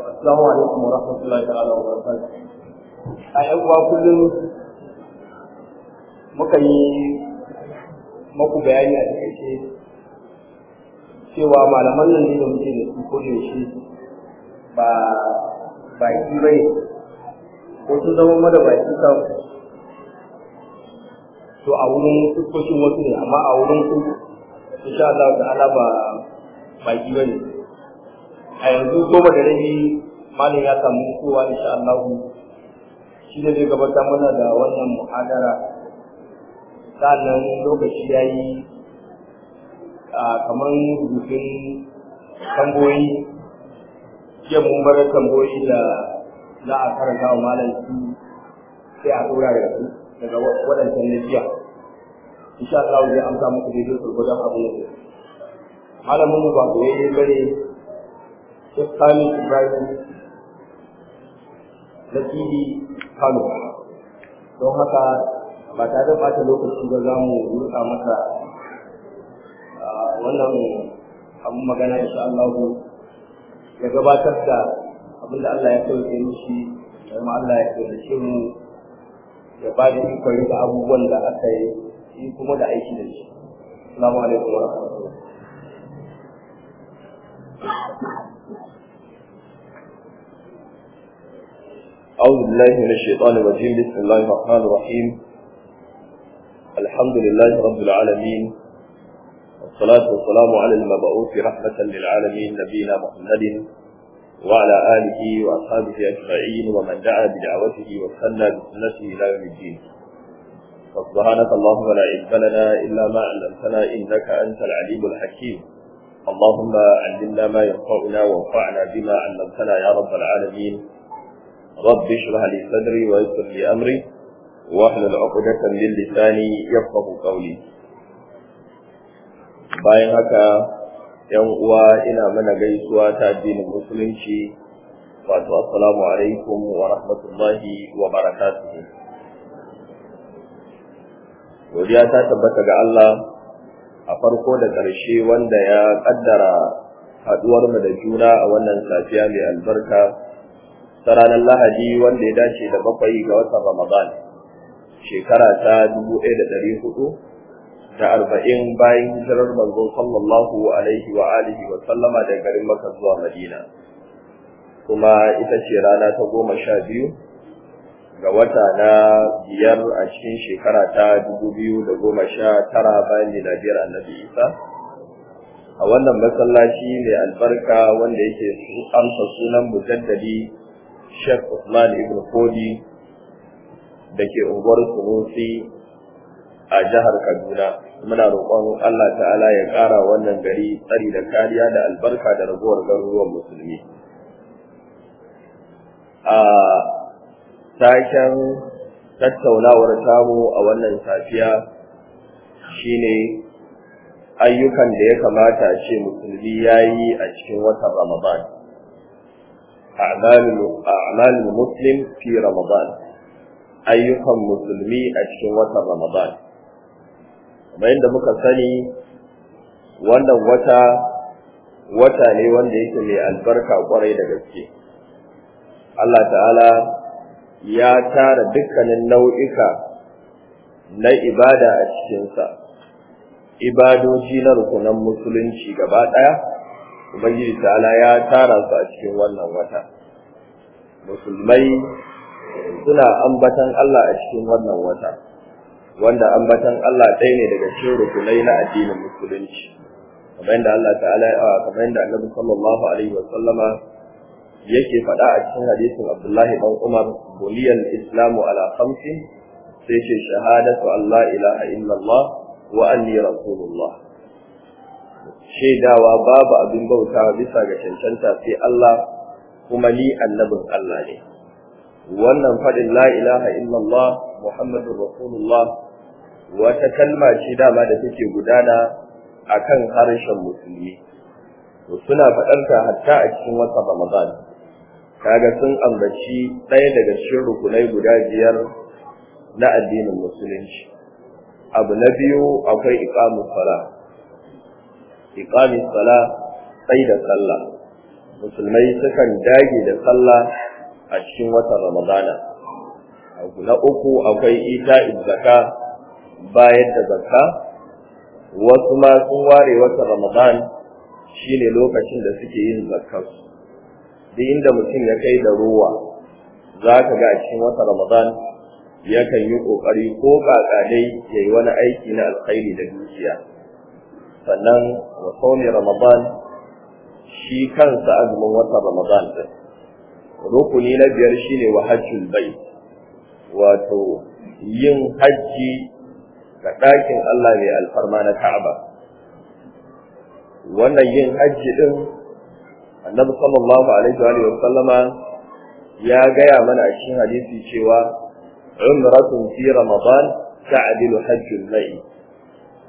Assalamu alaikum wa rahmatullahi ta'ala wa barakatuh. A uwa kullum muka yi maku bayani a takaice cewa malaman nan ne da muke da su ko shi, ba baki ba ne ko sun zama mada baki kan to a wurin fuskokin wasu ne amma a wurin su insha Allah ta'ala ba baki ba ne a yanzu goma da rabi malam ya samu kowa insha Allah shi ne zai gabatar mana da wannan muhadara sannan lokaci ya yi kamar rubutun tamboyi jiya mun bar tamboyi da za a karanta wa malam su sai a tsora da su daga waɗancan na jiya insha Allah zai amsa muku daidai gurgurdan abin da malamin mu ba koyayye bane Sheikh Khalid Ibrahim na TV Kano. Don haka ba ta da ɓata lokaci ba za mu rutsa maka wannan abin magana insha Allah ya gabatar da abinda Allah ya ya mishi da yamma Allah ya sauke mu ya ba da ikon da abubuwan da aka yi kuma da aiki da shi. salamu alaikum wa أعوذ بالله من الشيطان الرجيم بسم الله الرحمن الرحيم الحمد لله رب العالمين والصلاة والسلام على المبعوث رحمة للعالمين نبينا محمد وعلى آله وأصحابه أجمعين ومن دعا بدعوته وسنى بسنته إلى يوم الدين فسبحانك اللهم لا علم لنا إلا ما علمتنا إنك أنت العليم الحكيم اللهم علمنا ما ينفعنا وانفعنا بما علمتنا يا رب العالمين رب اشرح لي صدري ويسر لي أمري واحلل عقدة من لساني يفقه قولي bayan haka yan uwa ina mana gaisuwa ta addinin musulunci wato assalamu alaikum wa rahmatullahi wa barakatuh godiya ta tabbata ga Allah a farko da ƙarshe wanda ya ƙaddara haɗuwar mu da juna a wannan safiya mai albarka ta ranar lahadi wanda ya dace da bakwai ga watan ramadan shekara ta dubu ɗaya da ɗari hudu da arba'in bayan hijirar manzon sallallahu alaihi wa alihi wa sallama daga garin maka zuwa madina kuma ita ce rana ta goma sha biyu ga wata na biyar a cikin shekara ta dubu biyu da goma sha tara bayan miladiyar annabi isa a wannan masallaci mai albarka wanda yake amsa sunan mujaddadi Sheikh Usman Ibn Fodi da ke unguwar Kunusi a jihar Kaduna. Muna roƙon Allah ta'ala ya ƙara wannan gari tsari da kariya da albarka da raguwar garuruwan musulmi. A taken tattaunawar tamu a wannan safiya shine ayyukan da ya kamata a ce musulmi ya yi a cikin watan Ramadan. أعمال أعمال المسلم في رمضان أيها المسلمي أشهر رمضان ما muka sani وانا wata, وتا ne wanda yake mai albarka kwarai da gaske Allah ta'ala ya tara dukkanin nau'ika na ibada a cikinsa ibadoji na rukunan musulunci gaba ɗaya ubangiji ta'ala ya tara su a cikin wannan wata musulmai suna ambatan Allah a cikin wannan wata wanda ambatan Allah ɗaya ne daga cikin rukunai na addinin musulunci kamar yadda Allah ta'ala kamar yadda Annabi sallallahu alaihi wa sallama yake faɗa a cikin hadisin Abdullahi dan Umar buliyal islamu ala khamsin sai ce shahadatu Allah ilaha illallah wa anni rasulullah shaidawa babu abin bauta bisa ga cancanta sai Allah kuma ni annabin Allah ne wannan faɗin la ilaha illallah muhammadur rasulullah wata kalma ce dama da take gudana akan harshen musulmi to suna faɗanta hatta a cikin wata ramadan kaga sun ambaci ɗaya daga cikin rukunai guda biyar na addinin musulunci abu na biyu akwai iqamus salah iqami sala sai da sallah musulmai sukan dage da sallah a cikin watan ramadana abu na uku akwai ita zaka bayan da zakka wasu ma sun ware watan ramadan shine lokacin da suke yin zakkarsu duk inda mutum ya kai da ruwa za ka ga a cikin watan ramadan yakan yi ƙoƙari ko ƙaƙa dai ya yi wani aiki na alkhairi da dukiya sannan wa sauni ramadan shi kansa azumin wata ramadan din rukuni na biyar shine wa hajjul bai wato yin hajji ga ɗakin Allah mai alfarma na Ka'aba wannan yin hajji din annabi sallallahu alaihi wa sallama ya gaya mana a cikin hadisi cewa umratun fi ramadan ta'dilu hajjul mai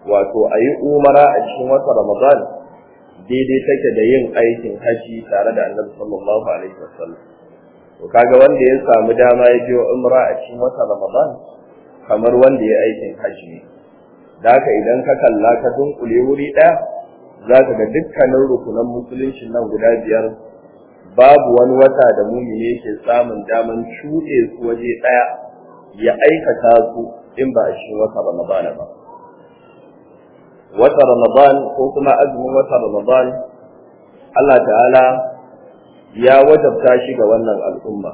wato a yi umara a cikin wata ramadan daidai take da yin aikin haji tare da annabi sallallahu alaihi wasallam to kaga wanda ya samu dama ya je umara a cikin wata ramadan kamar wanda ya aikin haji da haka idan ka kalla ka dunkule wuri ɗaya za ka ga dukkanin rukunan musulunci nan guda biyar babu wani wata da mumini yake samun daman cuɗe su waje ɗaya ya aikata su in ba a cikin wata ramadana ba wata ramadan ko kuma azumin wata ramadan Allah ta'ala ya wajabta shi ga wannan al'umma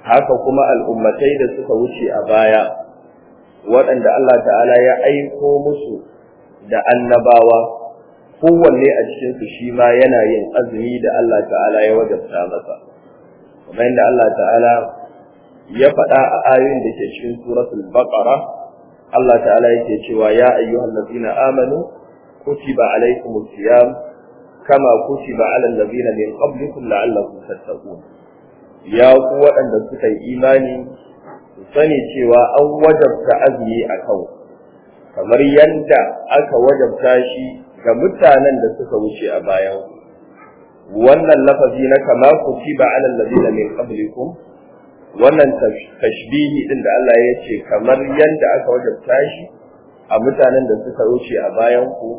haka kuma al'ummatai da suka wuce a baya waɗanda Allah ta'ala ya aiko musu da annabawa kowanne a cikinsu shi ma yana yin azumi da Allah ta'ala ya wajabta masa kamar inda Allah ta'ala ya faɗa a ayoyin da ke cikin suratul baqara Allah ta'ala yake cewa ya ayyuhallazina amanu kutiba alaykumus siyam kama kutiba alal ladina min qablikum la'allakum tattaqun ya ku waɗanda suka yi imani su sani cewa an wajabta azumi a kau, kamar yadda aka wajabta shi ga mutanen da suka wuce a bayan wannan lafazi na kama kutiba alal ladina min qablikum wannan tashbihi din da Allah ya ce kamar yadda aka wajabta shi a mutanen da suka wuce a bayan ku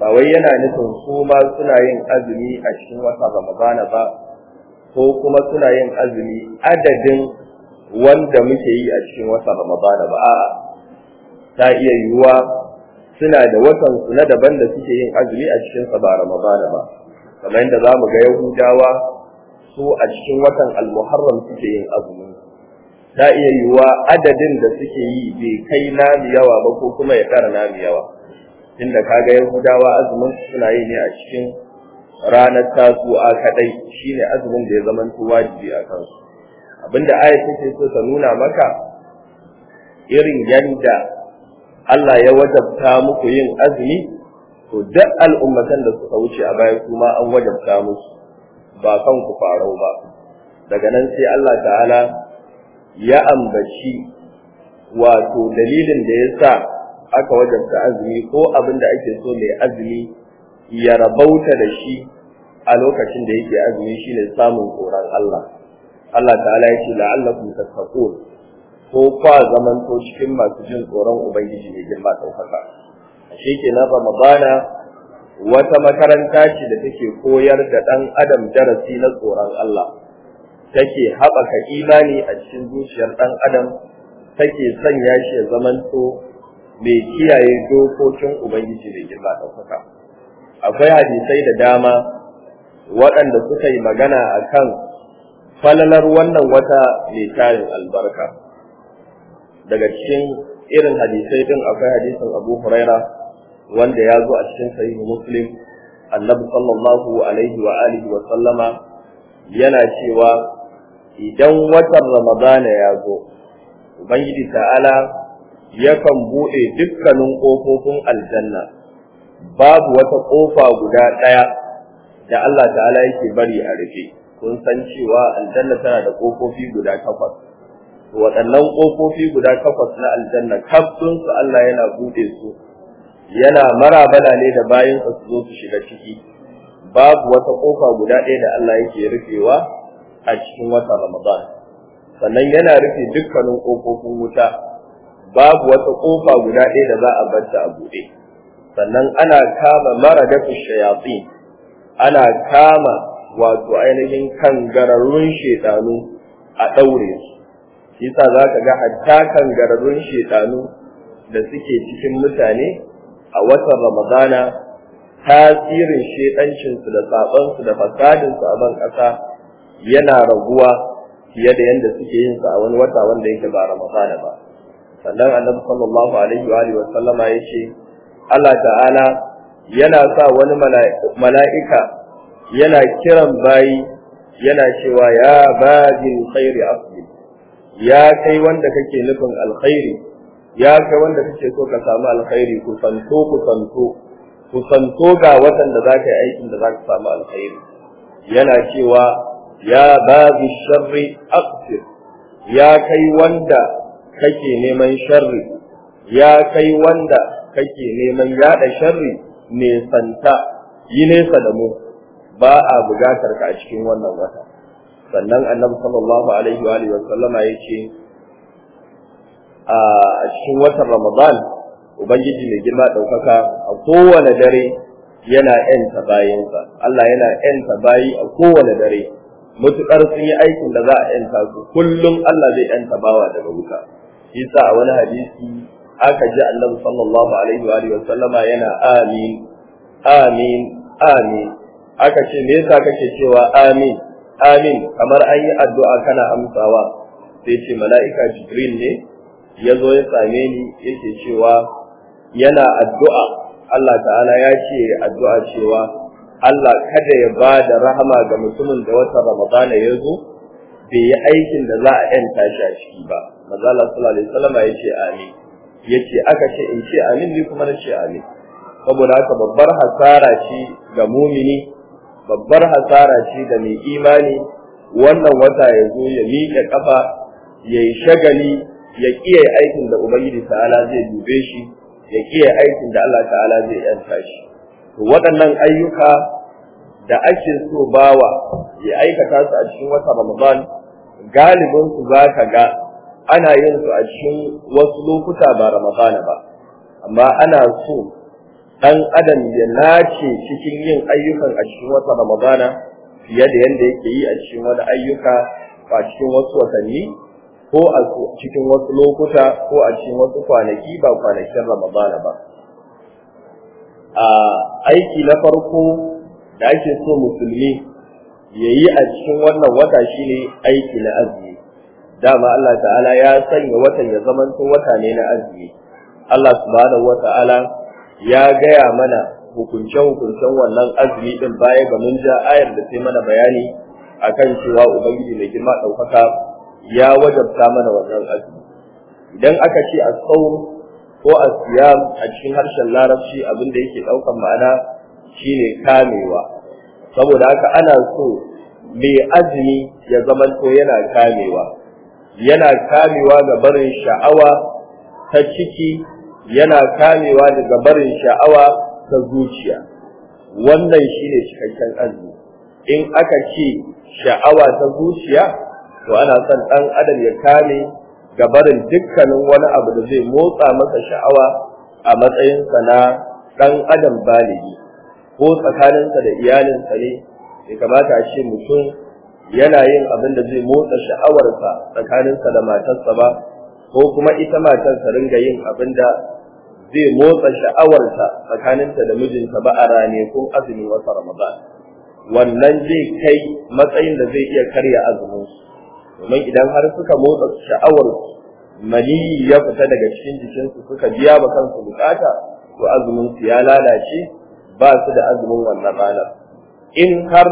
ba wai yana nufin su ma suna yin azumi a cikin wata Ramadana ba ko kuma suna yin azumi adadin wanda muke yi a cikin wata Ramadana ba a'a ta iya yiwuwa suna da watan su na daban da suke yin azumi a cikin sa ba Ramadana ba kamar yadda zamu ga Yahudawa su a cikin watan almuharram suke yin azumin da iya yiwuwa adadin da suke yi bai kai na yawa ba ko kuma ya kara nami yawa inda kaga yahudawa azumin suna yi ne a cikin ranar a kadai shine azumin da ya zamanto wajibi a kansu abinda ayat take so ta nuna maka irin yanda Allah ya wajabta muku yin azumi to duk al'ummatan da suka wuce a baya kuma an wajabta musu ba kan ku farau ba daga nan sai Allah ta'ala ya ambaci wato dalilin da ya sa aka wajabta azumi ko abin da ake so mai azumi ya rabauta da shi a lokacin da yake azumi shine samun tsoron Allah Allah ta'ala ya ce la'allakum tattaqun ko zaman to cikin masu jin tsoron ubangiji ne girma ɗaukaka na ba mabana wata makaranta ce da take koyar da ɗan adam darasi na tsoron Allah take haɓaka imani a cikin zuciyar ɗan adam take sanya shi ya zamanto mai kiyaye dokokin ubangiji mai girma ɗaukaka akwai hadisai da dama waɗanda suka yi magana a kan falalar wannan wata mai tarin albarka daga cikin irin hadisai ɗin akwai hadisin abu huraira wanda ya zo a cikin sahihu muslim annabi sallallahu alaihi wa alihi wa sallama yana cewa idan watan ramadana ya zo ubangiji ta'ala yakan buɗe dukkanin ƙofofin aljanna babu wata ƙofa guda ɗaya da Allah ta'ala yake bari a rufe kun san cewa aljanna tana da ƙofofi guda takwas waɗannan ƙofofi guda takwas na aljanna kafin su Allah yana buɗe su yana marabala ne da bayan su zo su shiga ciki babu wata kofa guda ɗaya da Allah yake rufewa a cikin wata Ramadan sannan yana rufe dukkanin kofofin wuta babu wata kofa guda ɗaya da za a bar ta a buɗe sannan ana kama mara dafi shayatin ana kama wato ainihin kan kangararrun shedanu a ɗaure su shi yasa za ka ga hatta kangararrun shedanu da suke cikin mutane a watan ramadana tasirin shedancinsu da sabansu da fasadinsu a ban ƙasa yana raguwa fiye da yadda suke yin sa a wani wata wanda yake ba ramadana ba sannan annabi sallallahu alaihi wa alihi wa sallama yace Allah ta'ala yana sa wani mala'ika yana kiran bayi yana cewa ya badil khairi asli ya kai wanda kake nufin alkhairi ya kai wanda kake so ka samu alkhairi ku santo ku santo ku santo ga watan da zaka yi aikin da zaka samu alkhairi yana cewa ya babu sharri aqsir ya kai wanda kake neman sharri ya kai wanda kake neman yada sharri ne santa yi nesa da mu ba a bugatar ka a cikin wannan wata sannan annabi sallallahu alaihi wa sallama yace a cikin watan Ramadan Ubangiji mai girma ɗaukaka a kowane dare yana ‘yanta bayansa, Allah yana ‘yanta bayi a kowane dare, mutuƙar sun yi aikin da za a ‘yanta su, kullum Allah zai ‘yanta bawa daga wuta. yasa a wani hadisi aka ji annabi sallallahu alaihi wa sallama yana amin, amin, amin. Aka ce me yasa kake cewa amin, amin kamar an addu'a kana amsawa, sai ce mala'ika Jibril ne ya zo ya same ni yake cewa yana addu'a Allah ta'ala ya ce addu'a cewa Allah kada ya ba da rahama ga mutumin da wata Ramadana ya zo bai yi aikin da za a ‘yanta shi a ciki ba. Mazala sallallahu alaihi wasallam ya ce amin. Ya ce aka ce in ce amin ni kuma na ce amin. Saboda haka babbar hasara ce ga mumini, babbar hasara ce da mai imani wannan wata ya zo ya miƙe ƙafa ya yi shagali ya kiye aikin da ubangiji ta'ala zai dube shi ya kiye aikin da Allah ta'ala zai yanta shi to waɗannan ayyuka da ake so bawa ya aikata su a cikin wata Ramadan galibin su zaka ga ana yin su a cikin wasu lokuta ba Ramadan ba amma ana so dan adam ya nace cikin yin ayyukan a cikin wata Ramadan fiye da yanda yake yi a cikin wani ayyuka a cikin wasu watanni ko a cikin wasu lokuta ko a cikin wasu kwanaki ba kwanakin ramadana ba a aiki na farko da ake so musulmi ya yi a cikin wannan wata shine aiki na azumi dama Allah ta'ala ya sanya watan ya zamanto wata ne na azumi Allah subhanahu wata'ala ya gaya mana hukunce-hukuncen wannan azumi din baya ga mun ja ayar da sai mana bayani akan cewa ubangiji mai girma ɗaukaka ya wajabta mana wannan azumi idan aka ce a sawm ko a siyam a cikin harshen larabci abin da yake daukan ma'ana shine kamewa saboda haka ana so mai azumi ya to yana kamewa yana kamewa ga barin sha'awa ta ciki yana kamewa daga barin sha'awa ta zuciya wannan shine cikakken azumi in aka ce sha'awa ta zuciya to ana son ɗan adam ya kame ga barin dukkanin wani abu da zai motsa masa sha'awa a matsayinsa na ɗan adam baligi ko tsakaninsa da iyalinsa ne ya kamata a mutum yana yin abin da zai motsa sha'awarsa tsakaninsa da matarsa ba ko kuma ita matarsa ringa yin abin da zai motsa sha'awarta tsakaninta da mijinta ba a ranakun azumin wata ramadan wannan zai kai matsayin da zai iya karya azumin su domin idan har suka motsa sha'awar mani ya fita daga cikin jikinsu suka biya ba kansu bukata to azumin su ya lalace ba su da azumin wannan ranar in har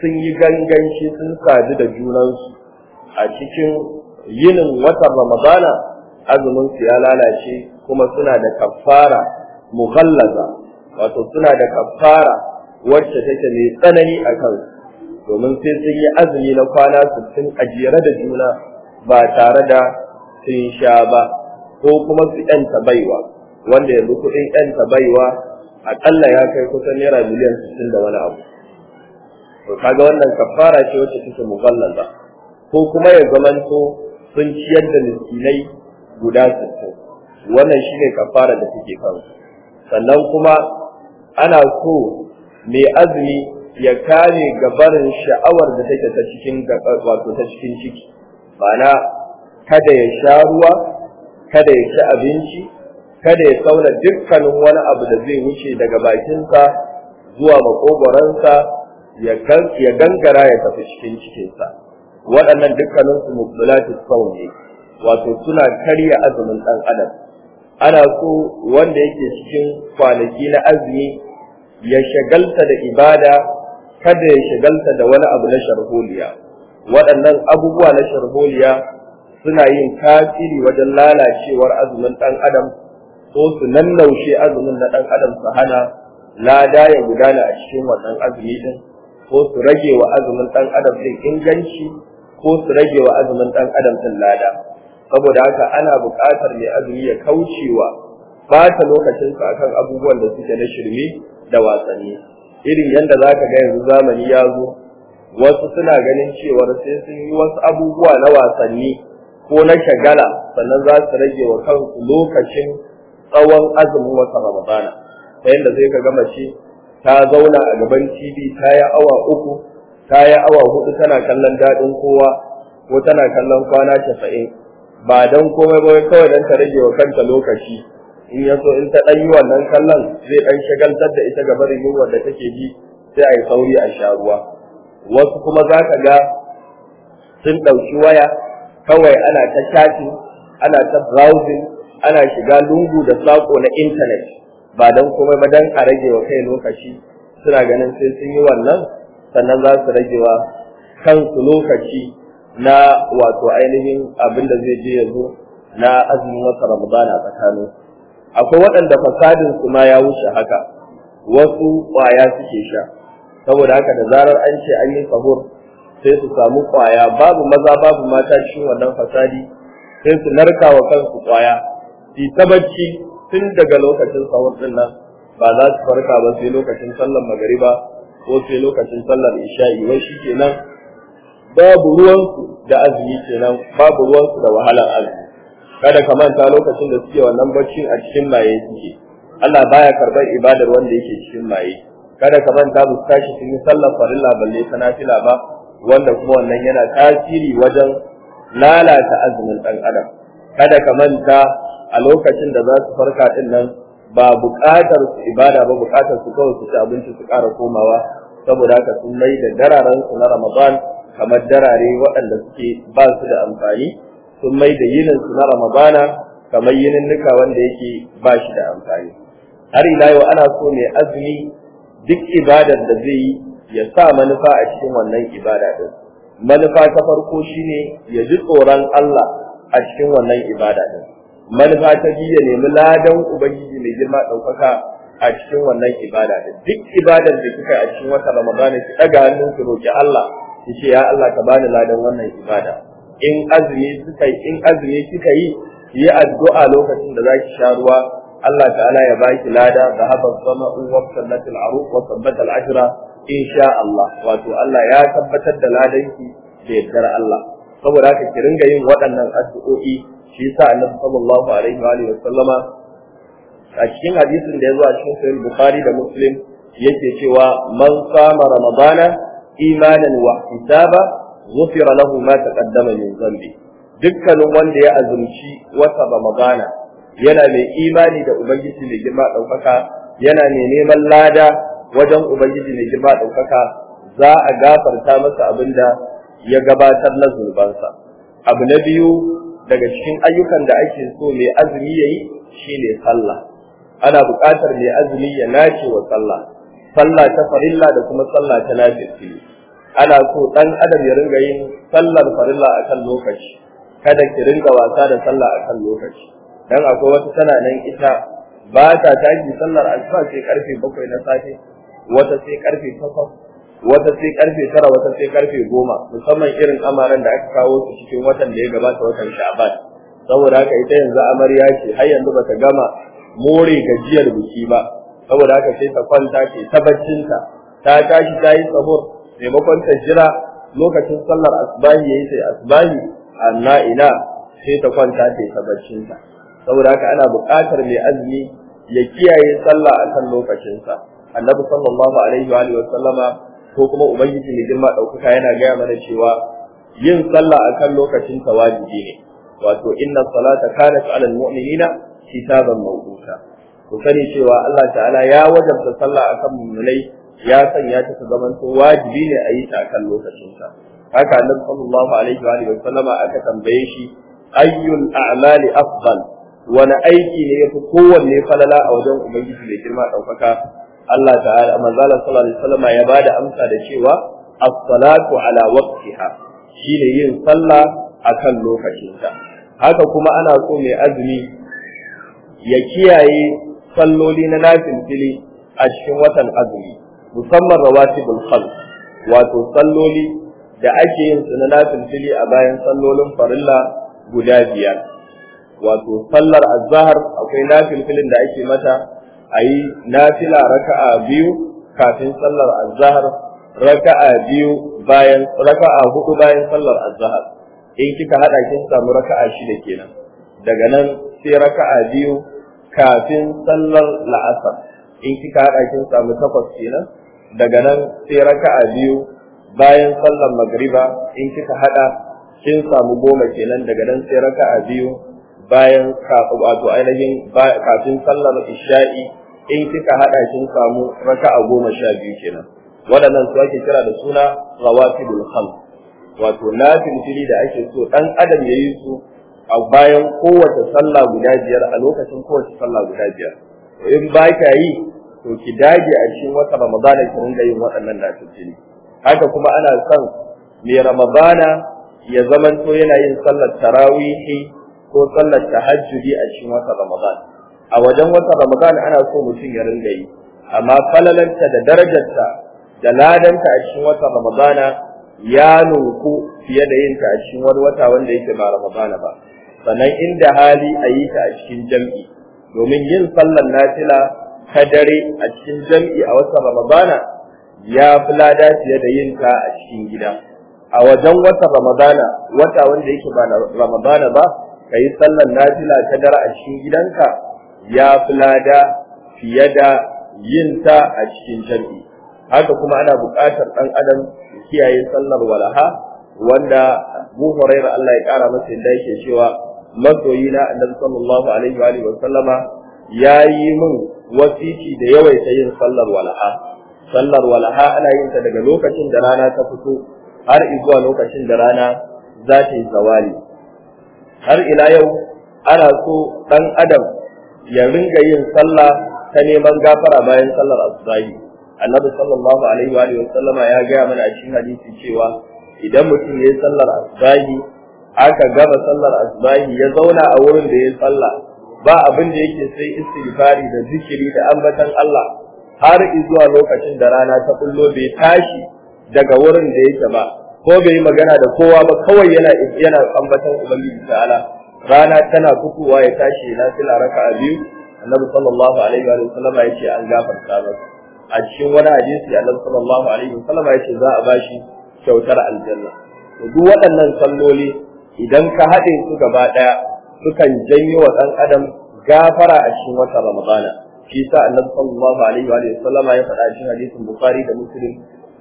sun yi ganganci sun sadu da junansu a cikin yinin watan ramadana azumin su ya lalace kuma suna da kafara mughallaza wato suna da kafara wacce take mai tsanani a kansu domin sai sun yi azumi na kwana sittin a jere da juna ba tare da sun sha ba ko kuma su yanta baiwa wanda yanzu kuɗin yanta baiwa aƙalla ya kai kusan naira miliyan sittin da wani abu to kaga wannan kafara ce wacce take mughallaza ko kuma ya zamanto sun ciyar da miskinai guda sittin wannan shine kafara da take kansu sannan kuma ana so mai azumi ya kare gabarin sha'awar da take ta cikin wato ta cikin ciki ma'ana kada ya sha ruwa kada ya ci abinci kada ya sauna dukkanin wani abu da zai wuce daga bakinsa zuwa makogoransa ya gangara ya tafi cikin cikinsa waɗannan dukkanin su mubdulatu sauni wato suna karya azumin ɗan adam ana so wanda yake cikin kwanaki na azumi ya shagalta da ibada kada ya shigalta da wani abu na sharholiya waɗannan abubuwa na sharholiya suna yin tasiri wajen lalacewar azumin ɗan adam ko su nannaushe azumin na ɗan adam su hana lada ya gudana a cikin wannan azumi din ko su rage wa azumin ɗan adam ɗin inganci ko su rage wa azumin ɗan adam ɗin lada saboda haka ana buƙatar mai azumi ya kaucewa ɓata lokacinsa akan abubuwan da suke na shirme da wasanni irin yadda za ka ga yanzu zamani ya zo wasu suna ganin cewar sai sun yi wasu abubuwa na wasanni ko na shagala sannan za su rage wa kansu lokacin tsawon azumin wata ramadana ta yadda zai ka gama ce ta zauna a gaban tv ta yi awa uku ta yi awa hudu tana kallon daɗin kowa ko tana kallon kwana casa'in ba don komai ba kawai don ta rage wa kanta lokaci in ya so in ta ɗan yi wannan kallon zai ɗan shagaltar da ita gaba da yunwar da take ji sai a yi sauri a sha ruwa wasu kuma za ka ga sun ɗauki waya kawai ana ta shafi ana ta browsing ana shiga lungu da saƙo na intanet ba don komai ba don a rage wa kai lokaci suna ganin sai sun yi wannan sannan za su rage wa kansu lokaci na wato ainihin abin da zai je ya zo na azumin wata ramadana tsakaninsu akwai waɗanda fasadin su ma ya wuce haka wasu ƙwaya suke sha saboda haka da zarar an ce an yi sahur sai su samu ƙwaya babu maza babu mata cikin wannan fasadi sai su narka wa kansu ƙwaya su ta bacci tun daga lokacin sahur din nan ba za su farka ba sai lokacin sallar magariba ko sai lokacin sallar isha'i wai shi kenan babu ruwansu da azumi kenan babu ruwansu da wahalar azumi kada ka manta lokacin da suke wannan barcin a cikin maye suke Allah baya karbar ibadar wanda yake cikin maye kada ka manta su tashi sun yi sallar farilla balle ta nafila ba wanda kuma wannan yana tasiri wajen lalata azumin ɗan adam kada ka manta a lokacin da za su farka ɗin nan ba buƙatar su ibada ba buƙatar su kawai su ci abinci su ƙara komawa saboda ka sun mai da dararen su na Ramadan kamar darare waɗanda suke ba su da amfani sun mai da yinin su na ramadana kamar yinin nuka wanda yake ba shi da amfani har ila yau ana so mai azumi duk ibadar da zai yi ya sa manufa a cikin wannan ibada din manufa ta farko shine ya ji tsoron Allah a cikin wannan ibada din manufa ta biyu ya nemi ladan ubangiji mai girma ɗaukaka a cikin wannan ibada din duk ibadar da kika a cikin wata ramadana ki daga hannun ki roki Allah ki ce ya Allah ka bani ladan wannan ibada in azumi suka yi in azumi kika yi ki yi addu'a lokacin da zaki sha ruwa Allah ta'ala ya baki lada da haɓar sama in wa sallatul aru wa ashira, in sha Allah wato Allah ya tabbatar da ladanki da yardar Allah saboda haka ki ringa yin waɗannan addu'o'i shi yasa Annabi sallallahu alaihi wa alihi wa sallama a cikin hadisin da ya zo a cikin sahih Bukhari da Muslim yake cewa man sama ramadana imanan wa hisaba غفر له ma تقدم من ذنبه dukkanin wanda ya azumci wata ramadana yana mai imani da ubangiji mai girma daukaka yana mai neman lada wajen ubangiji mai girma daukaka za a gafarta masa abinda ya gabatar na zunubansa abu na biyu daga cikin ayyukan da ake so mai azumi yayi shine sallah ana buƙatar mai azumi ya nace wa sallah sallah ta farilla da kuma sallah ta nafil ana so dan adam ya ringa yin sallar farilla kan lokaci kada ki ringa wasa da sallah kan lokaci dan akwai wata tana nan ita ba ta tashi sallar asuba sai karfe bakwai na safe wata sai karfe 8 wata sai karfe 9 wata sai karfe musamman irin amaran da aka kawo su cikin watan da ya gabata watan Sha'ban saboda haka ita yanzu amarya ce har yanzu bata gama more gajiyar biki ba saboda haka sai ta kwanta ce ta baccinta ta tashi ta yi sahur maimakon ta jira lokacin sallar asbahi yayi sai asbahi anna ina sai ta kwanta ta yi tabbacin ta saboda haka ana buƙatar mai azumi ya kiyaye sallah akan lokacinsa annabi sallallahu alaihi wa alihi sallama ko kuma ubangiji mai girma ɗaukaka yana gaya mana cewa yin sallah akan lokacin ta wajibi ne wato inna salata kanat alal mu'minina kitaban ta. ku sani cewa Allah ta'ala ya wajabta sallah akan mu'minai ya sanya ta zamanto wajibi ne a yi ta kan lokacinsa haka annabi sallallahu alaihi wa alihi sallama aka tambaye shi ayyul a'mali afdal wani aiki ne yafi kowanne falala a wajen ubangiji mai girma daukaka Allah ta'ala manzala sallallahu alaihi wasallam ya bada amsa da cewa as-salatu ala waqtiha shine yin sallah akan lokacinta haka kuma ana so mai azumi ya kiyaye salloli na nafil a cikin watan azumi musamman rawatibul khalq wato salloli da ake yin su na nafilfili a bayan sallolin farilla guda biyar wato sallar azhar akwai nafilfilin da ake mata ayi nafila raka'a biyu kafin sallar azhar raka'a biyu bayan raka'a hudu bayan sallar azhar in kika hada kin samu raka'a shida kenan daga nan sai raka'a biyu kafin sallar la'asar in kika hada kin samu takwas kenan daga nan sai raka'a biyu bayan sallar magriba in kika hada kin samu goma kenan daga nan sai raka'a biyu bayan wato ainihin kafin sallar isha'i in kika hada kin samu raka'a goma sha biyu kenan waɗannan su ake kira da suna rawatibul khams wato fili da ake so dan adam yayi su a bayan kowace sallah guda biyar a lokacin kowace sallah guda biyar in ba ka yi to ki dage a cikin wata ramadana ki ringa yin waɗannan lafiyar haka kuma ana son mai ramadana ya zamanto yana yin sallar tarawihi ko sallar tahajjudi a cikin wata Ramadana. a wajen wata Ramadana ana so mutum ya ringa yi amma falalanta da darajarta da ladanta a cikin wata ramadana ya nuku fiye da yin ta a cikin wani wata wanda yake ba ramadana ba sannan inda hali a yi ta a cikin jam'i domin yin sallar nafila ta dare a cikin jam'i a watan Ramadana ya fi lada fiye da yin ta a cikin gida. A wajen watan Ramadana, wata wanda yake ba Ramadana ba, ka yi sallar nafila ta dare a cikin gidanka ya fi lada fiye da yin ta a cikin jam'i. Haka kuma ana buƙatar ɗan adam kiyaye sallar walaha wanda Abu Hurairah Allah ya ƙara masa yadda yake cewa masoyina Annabi sallallahu alaihi wa sallama ya yi min wasiki da yawaita yin sallar walaha sallar walaha ana yin ta daga lokacin da rana ta fito har zuwa lokacin da rana za ta yi zawali har ila yau ana so dan adam ya ringa yin sallah ta neman gafara bayan sallar asubahi annabi sallallahu alaihi wa alihi wasallama ya gaya mana a cikin hadisi cewa idan mutum ya yi sallar asubahi aka gama sallar asubahi ya zauna a wurin da ya yi sallah ba abin da yake sai istighfari da zikiri da ambatan Allah har zuwa lokacin da rana ta kullo bai tashi daga wurin da yake ba ko bai yi magana da kowa ba kawai yana yana ambatan ubangiji ta'ala rana tana fitowa ya tashi na sila a biyu annabi sallallahu alaihi wa sallam ya ce an gafarta masa a cikin wani hadisi annabi sallallahu alaihi wa sallam ya ce za a bashi kyautar aljanna duk waɗannan salloli idan ka haɗe su gaba ɗaya sukan janyo wa ɗan adam gafara a cikin wata ramadana shi sa annabi sallallahu alaihi wa sallama ya faɗa a cikin hadisin bukhari da muslim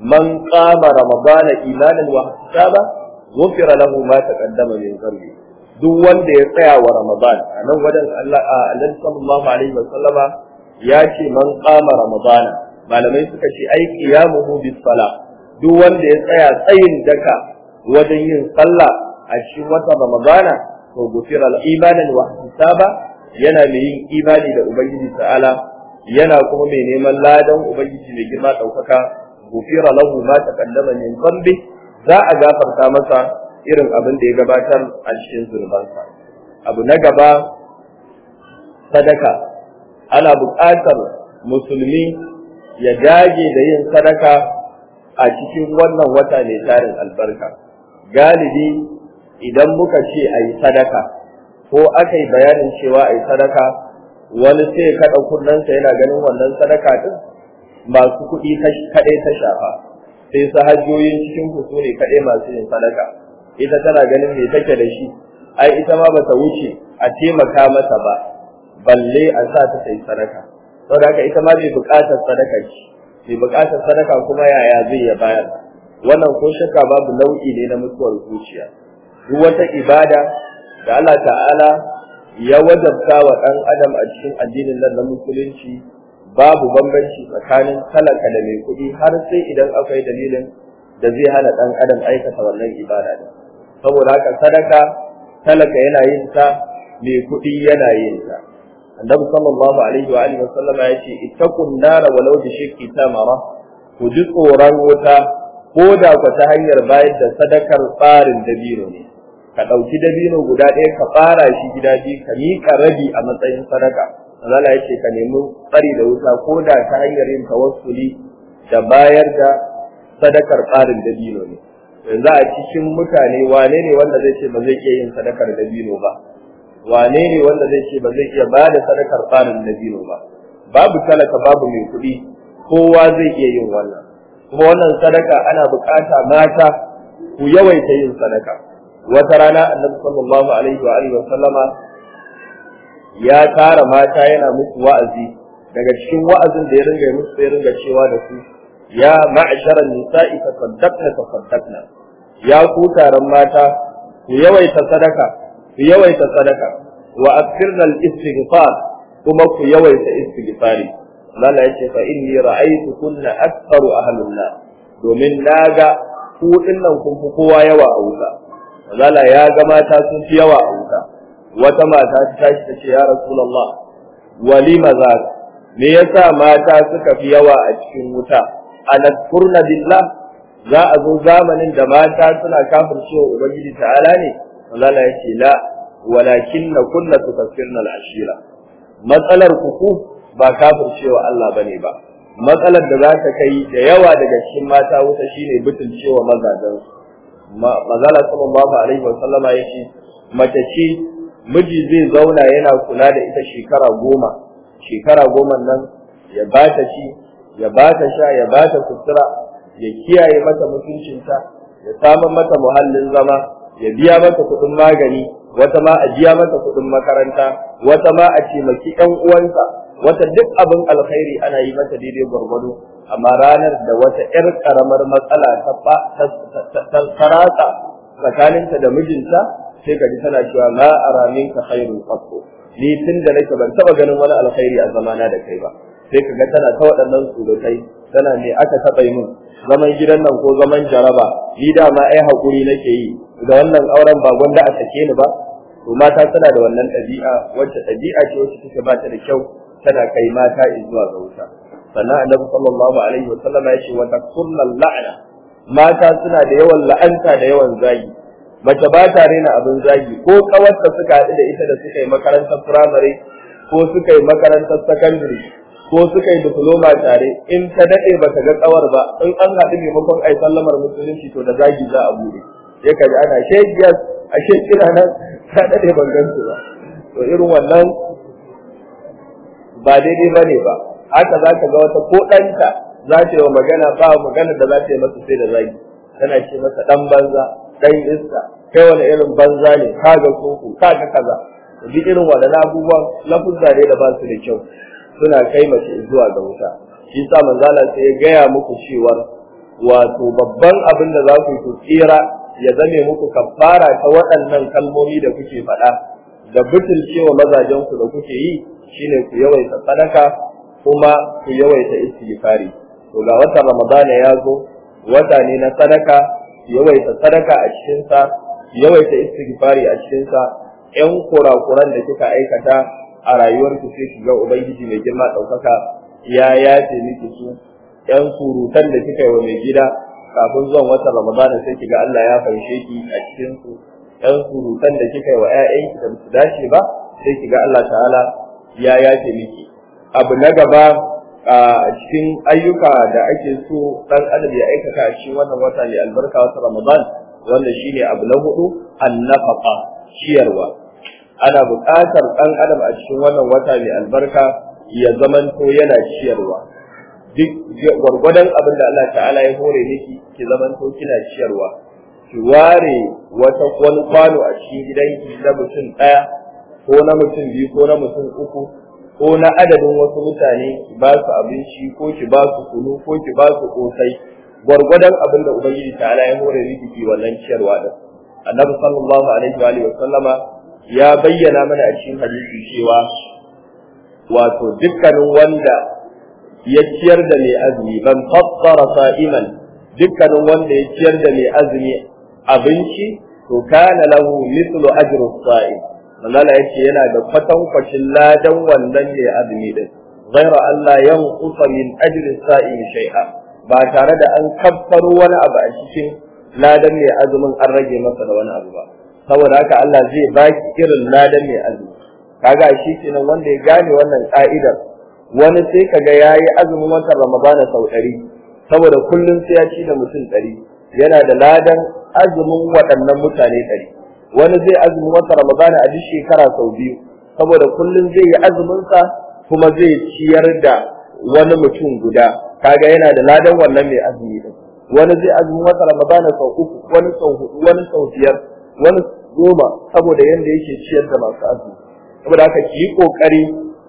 man qama ramadana imanan wa hisaba ghufira lahu ma taqaddama min dhanbi duk wanda ya tsaya wa Ramadana a nan wajen Allah annabi sallallahu alaihi wa sallama ya ce man qama ramadana malamai suka ce ai qiyamuhu bis salah duk wanda ya tsaya tsayin daka wajen yin sallah a cikin wata ramadana Ko gufira imanan wa yana mai yin imani da ubangiji ta'ala yana kuma mai neman ladan ubangiji mai girma ɗaukaka gufira lahu ma taqaddama min dhanbi za a gafarta masa irin abin da ya gabatar a cikin zunubansa abu na gaba sadaka ana buƙatar musulmi ya dage da yin sadaka a cikin wannan wata ne tarin albarka galibi idan muka ce a yi sadaka ko aka yi bayanin cewa a yi sadaka wani sai kaɗa kunnensa yana ganin wannan sadaka ɗin masu kuɗi kaɗai ta shafa sai su hajjoyin cikin ku ne kaɗai masu yin sadaka ita tana ganin me take da shi ai ita ma ba ta wuce a taimaka mata ba balle a sa ta yi sadaka saboda haka ita ma bai buƙatar sadaka ce bai buƙatar sadaka kuma yaya zai ya bayar wannan ko shakka babu nau'i ne na mutuwar zuciya duk wata ibada da Allah ta'ala ya wajabta wa ɗan adam a cikin addinin nan na musulunci babu bambanci tsakanin talaka da mai kuɗi har sai idan akwai dalilin da zai hana ɗan adam aikata wannan ibada saboda haka sadaka talaka yana yin ta mai kuɗi yana yin ta annabi sallallahu alaihi wa alihi wasallama yace ittaqun nara walau bi shiqqi tamara ku ji tsoron wuta ko da ku ta hanyar bayar da sadakar tsarin dabino ne ka ɗauki dabino guda ɗaya ka fara shi gida biyu ka miƙa rabi a matsayin sadaka Allah ya ka nemi tsari da wuta ko da ta hanyar yin tawassuli da bayar da sadakar tsarin dabino ne yanzu a cikin mutane wane ne wanda zai ce ba zai iya yin sadakar dabino ba wane ne wanda zai ce ba zai iya ba da sadakar tsarin dabino ba babu talaka babu mai kuɗi kowa zai iya yin wannan kuma wannan sadaka ana bukata mata ku yawaita yin sadaka wata rana annabi sallallahu alaihi wa alihi wa sallama ya tara mata yana musu wa'azi daga cikin wa'azin da ya ringa musu ya ringa cewa da su ya ma'ashara nisa'i tasaddaqna tasaddaqna ya ku taron mata ku yawaita sadaka ku yawaita sadaka wa akthirna al-istighfar kuma ku yawaita istighfari Lalla ya ce fa inni ra'aytu kunna aktharu ahlun nar domin naga ku dinnan kun fi kowa yawa a wuta wazala ya ga mata sun fi yawa a wuta wata mata ta tashi ta ce ya rasulullah walima maza me yasa mata suka fi yawa a cikin wuta anadkurna billah za a zo zamanin da mata suna kafircewa ubangiji ta'ala ne wazala ya ce la na kunna tukaffirna al-ashira matsalar ku ba cewa Allah bane ba matsalar da za ta kai da yawa daga cikin mata wuta shine mazajen su. mazala sallallahu alaihi wa sallama yake mace ce miji zai zauna yana kula da ita shekara goma shekara goma nan ya ba ta ci ya ba ta sha ya ba ta sutura ya kiyaye mata mutuncinta ya samu mata muhallin zama ya biya mata kuɗin magani wata ma a biya mata kuɗin makaranta wata ma a taimaki ƴan uwanta wata duk abin alkhairi ana yi mata daidai gwargwado amma ranar da wata 'yar karamar matsala ta sarata tsakaninta da mijinta sai ka ji tana cewa ma ramin ka khairun qattu ni tun da nake ban taba ganin wani alkhairi a zamana da kai ba sai ka ga tana ta waɗannan surutai tana ne aka taɓa yi min zaman gidan nan ko zaman jaraba ni dama ai hakuri nake yi da wannan auren ba gwanda a sake ni ba to mata tana da wannan ɗabi'a wacce ɗabi'a ce wacce take ba ta da kyau tana kai mata izuwa ga wuta sannan annabi sallallahu alaihi wasallam ya ce wata takunna la'na mata suna da yawan la'anta da yawan zagi mace ba ta rena abin zagi ko kawarta suka haɗu da ita da suka yi makarantar firamare ko suka yi makarantar sakandare ko suka yi diploma tare in ta daɗe ba ta ga kawar ba in an haɗu maimakon ai sallamar musulunci to da zagi za a bude sai ka ji ana shegiyar a shekira nan ta daɗe ban su ba to irin wannan ba daidai ba ne ba haka za ka ga wata ko ɗanka za ta yi wa magana ba magana da za ta yi masa sai da zagi tana ce masa ɗan banza ɗan iska kai wani irin banza ne ka ga koko ka ga kaza bi irin waɗannan abubuwan lafuzza ne da ba su da kyau suna kai mace zuwa ga wuta shi sa manzala sai ya gaya muku cewa wato babban abin da za ku yi tsira ya zame muku kafara ta waɗannan kalmomi da kuke faɗa da butulcewa mazajen ku da kuke yi shine ku yawaita sadaka kuma ku yawaita istighfari to ga wata ramadana ya zo wata ne na sadaka yawaita sadaka a cikin sa yawaita istighfari a cikin sa ƴan kurakuran da kika aikata a rayuwar ku sai shiga ubangiji mai girma ɗaukaka ya yace miki su ƴan surutan da kika yi wa mai gida kafin zuwan watan ramadana sai kiga Allah ya fanshe ki a cikin su ƴan surutan da kika yi wa ƴaƴanki da su dace ba sai kiga Allah ta'ala ya yace miki abu na gaba a cikin ayyuka da ake so dan adam ya aikata a cikin wannan wata mai albarka wata Ramadan wanda shine abu na hudu annafaqa ciyarwa ana buƙatar dan adam a cikin wannan wata mai albarka ya zamanto yana ciyarwa duk gwargwadon abin da Allah ta'ala ya hore miki ki zamanto kina ciyarwa ki ware wata wani kwano a cikin gidanki na mutum ɗaya ko na mutum biyu ko na mutum uku ko na adadin wasu mutane ki ba su abinci ko ki ba su kunu ko ki ba su kosai gwargwadon abin da ubangiji ta ala ya hore miki wannan ciyarwa din annabi sallallahu alaihi wa sallama ya bayyana mana a cikin hadisi cewa wato dukkanin wanda ya ciyar da mai azumi ban fassara sa'iman dukkanin wanda ya ciyar da mai azumi abinci to kana lahu mithlu ajru sa'im ya ce yana da kwatankwacin ladan wannan ne azumi din ghaira Allah yanqusa min ajri sa'in shay'a ba tare da an kaffaro wani abu a cikin ladan mai azumin an rage masa da wani abu ba saboda haka Allah zai baki irin ladan mai azumi kaga shi kenan wanda ya gane wannan ka'idar wani sai kaga yayi azumin watan Ramadana sau ɗari saboda kullum sai ya ci da mutum ɗari yana da ladan azumin waɗannan mutane ɗari wani zai azumi wata ramadana a duk shekara sau biyu saboda kullum zai yi azuminsa kuma zai ciyar da wani mutum guda kaga yana da ladan wannan mai azumi din wani zai azumi wata ramadana sau uku wani sau hudu wani sau biyar wani goma saboda yanda yake ciyar da masu azumi saboda haka ki yi kokari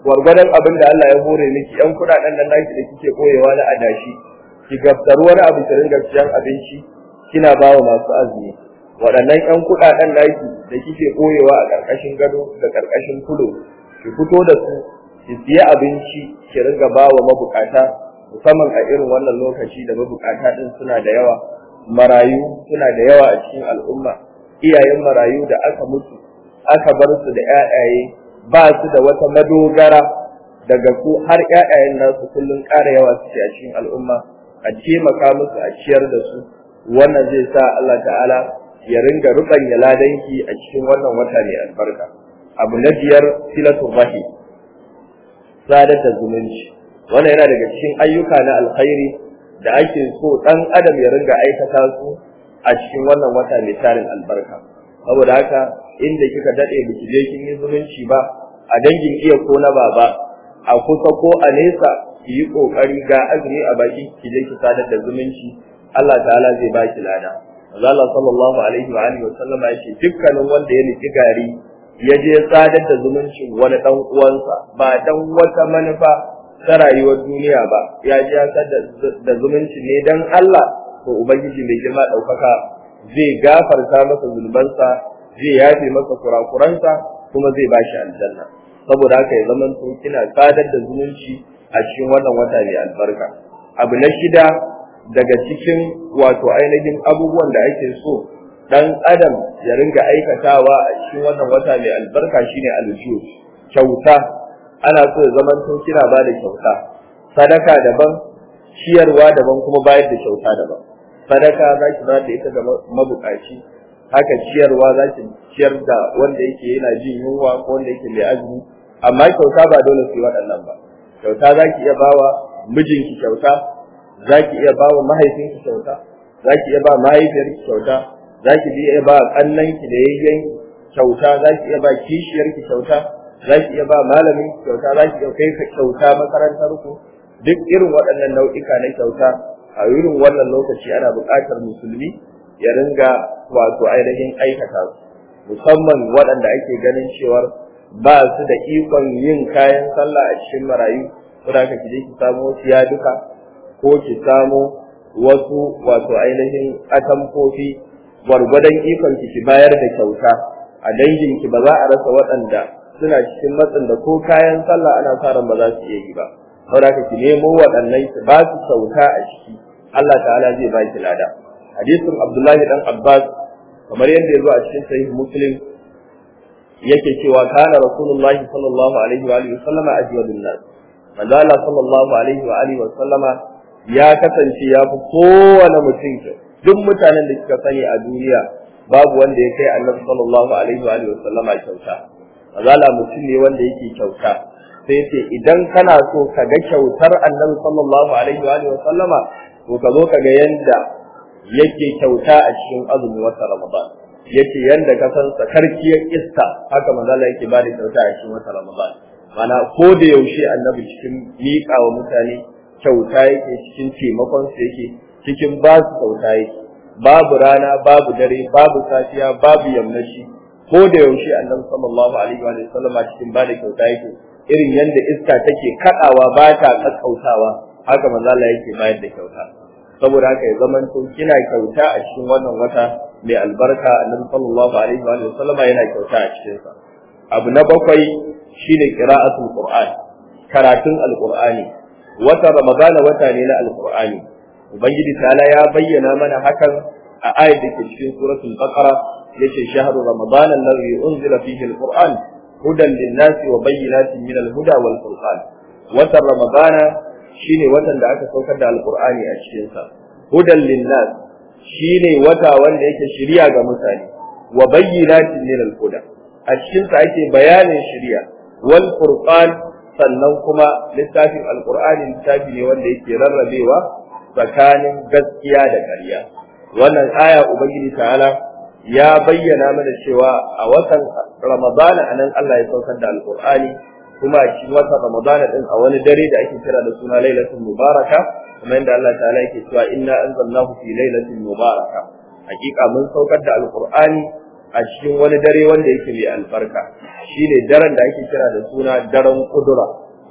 gwargwadon abin da Allah ya hore miki yan kuɗaɗen nan naki da kike koyewa na adashi ki gabtar wani abu ki ringa ciyan abinci kina bawa masu azumi waɗannan 'yan kuɗaɗen naki da kike ɓoyewa a ƙarƙashin gado da ƙarƙashin kulo ki fito da su ki siya abinci ki ringa ba wa mabukata musamman a irin wannan lokaci da mabukata ɗin suna da yawa marayu suna da yawa a cikin al'umma iyayen marayu da aka mutu aka bar su da 'ya'yaye ba su da wata madogara daga ku har 'ya'yayen nasu kullum ƙara yawa suke a cikin al'umma a taimaka musu a ciyar da su wannan zai sa Allah ta'ala ya ringa rubanya ladanki a cikin wannan wata mai albarka abu na biyar silatul rahim sadar da zumunci wannan yana daga cikin ayyuka na alkhairi da ake so dan adam ya ringa aikata su a cikin wannan wata mai tarin albarka saboda haka inda kika dade biki je kin yi zumunci ba a dangin iya ko na baba a kusa ko a nesa ki yi kokari ga azumi a baki ki je ki sadar da zumunci Allah ta'ala zai baki lada Allah sallallahu alaihi wa alihi wa sallama ce dukkanin wanda ya niki gari ya je sadar da zumuncin wani dan uwansa ba dan wata manufa ta rayuwar duniya ba ya je sadar da zumunci ne dan Allah to ubangiji mai girma daukaka zai gafarta masa zulbansa zai yafe masa kurakuransa kuma zai bashi aljanna saboda haka ya zama to kina sadar da zumunci a cikin wannan wata mai albarka abu na shida daga cikin wato ainihin abubuwan da ake so dan adam ya ringa aikatawa a cikin wannan wata mai albarka shine aljihu kyauta ana so ya zama to kina ba da kyauta sadaka daban ciyarwa daban kuma bayar da kyauta daban sadaka za ki ba da ita ga mabukaci haka ciyarwa za ki ciyar da wanda yake yana jin yunwa ko wanda yake mai azumi amma kyauta ba dole su yi waɗannan ba kyauta za ki iya bawa mijinki kyauta za ki iya ba wa mahaifinki kyauta za ki iya ba mahaifiyarki kyauta za ki iya ba ƙannanki da yayyen kyauta za ki iya ba kishiyarki kyauta za ki iya ba malamin kyauta za ki iya kai kyauta makarantar ku duk irin waɗannan nau'ika na kyauta a irin wannan lokaci ana buƙatar musulmi ya ringa wato ainihin aikata su musamman waɗanda ake ganin cewar ba su da ikon yin kayan sallah a cikin marayu Kuna ka je ki samo wasu duka ko ki samo wasu wato ainihin atamfofi gwargwadon ikon ki ki bayar da kyauta a dangin ki ba za a rasa waɗanda suna cikin matsin da ko kayan sallah ana sa ran ba za su iya yi ba saboda ki nemo waɗannan ki ba su kyauta a ciki Allah ta'ala zai ba ki lada hadisin Abdullahi dan Abbas kamar yadda ya zo a cikin sahih Muslim yake cewa kana rasulullahi sallallahu alaihi wa alihi wa sallama ajwadun nas manzo sallallahu alaihi wa alihi wa sallama ya kasance ya fi kowane mutum duk mutanen da kika sani a duniya babu wanda ya kai annabi sallallahu alaihi wa alihi kyauta azala mutum ne wanda yake kyauta sai ce idan kana so ka ga kyautar annabi sallallahu alaihi wa alihi wasallama to ka zo ka ga yanda yake kyauta a cikin azumi wata ramadan yake yanda ka san sakarkiyar iska haka manzala yake ba da kyauta a cikin wata ramadan mana ko da yaushe annabi cikin miƙa wa mutane kyauta yake cikin taimakon su yake cikin ba su kyauta yake babu rana babu dare babu safiya babu yammaci ko da yaushe annabi sallallahu alaihi wa sallam cikin ba da kyauta yake irin yadda iska take kadawa ba ta kakkautawa haka manzo Allah yake bayar da kyauta saboda haka ya zaman to kina kyauta a cikin wannan wata mai albarka annabi sallallahu alaihi wa sallam yana kyauta a cikin sa abu na bakwai shine qira'atul qur'an karatun alqur'ani wata ramadana wata ne na alqur'ani ubangiji ta'ala ya bayyana mana hakan a ayat da ke cikin suratul baqara yace shahru ramadana alladhi unzila fihi alqur'an hudan lin-nasi wa bayyinatin min al-huda wal furqan watan ramadana shine watan da aka saukar da alqur'ani a cikin sa hudan lin-nas shine wata wanda yake shirya ga mutane wa bayyinatin min al-huda a cikin sa ake bayanin shirya wal furqan sannan kuma littafin alkur'ani littafi ne wanda yake rarrabewa tsakanin gaskiya da ƙarya wannan aya ubangiji ta'ala ya bayyana mana cewa a watan ramadana nan Allah ya saukar da alkur'ani kuma a cikin watan ramadana din a wani dare da ake kira da suna lailatul mubaraka kuma yadda Allah ta'ala yake cewa inna anzalnahu fi lailatul mubaraka hakika mun saukar da alkur'ani a cikin wani dare wanda yake mai albarka shine daren da ake kira da suna daren kudura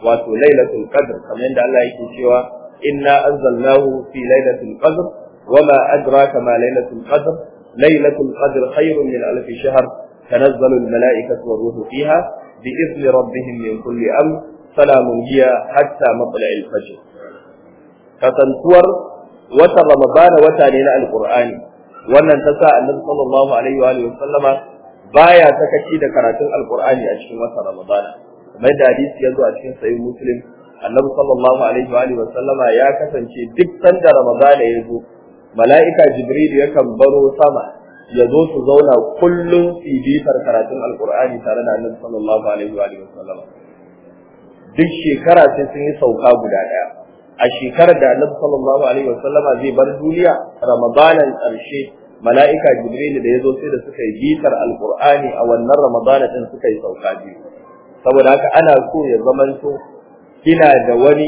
wato lailatul qadr kamar yadda Allah yake cewa inna anzalnahu fi lailatul qadr wama adraka ma lailatul qadr lailatul qadr khairun min alf shahr tanazzalu al malaikatu war ruhu fiha bi idni rabbihim min kulli amr salamun hiya hatta matla'il fajr katantuwar wata ramadana wata ne na alqur'ani wannan ta sa annabi sallallahu alaihi wa alihi sallama baya sakaci da karatun alqur'ani a cikin watan ramadana kamar da hadisi ya zo a cikin sahih muslim annabi sallallahu alaihi wa alihi sallama ya kasance duk sanda ramadana ya zo mala'ika jibril yakan baro sama ya zo su zauna kullum su bitar karatun alqur'ani tare da annabi sallallahu alaihi wa alihi sallama duk shekara sai sun yi sauka guda daya a shekarar da annabi sallallahu alaihi wasallama zai bar duniya ramadanan ƙarshe mala'ika jibril da ya zo sai da suka yi bitar alqur'ani a wannan ramadana din suka yi sauka biyu saboda haka ana so ya to kina da wani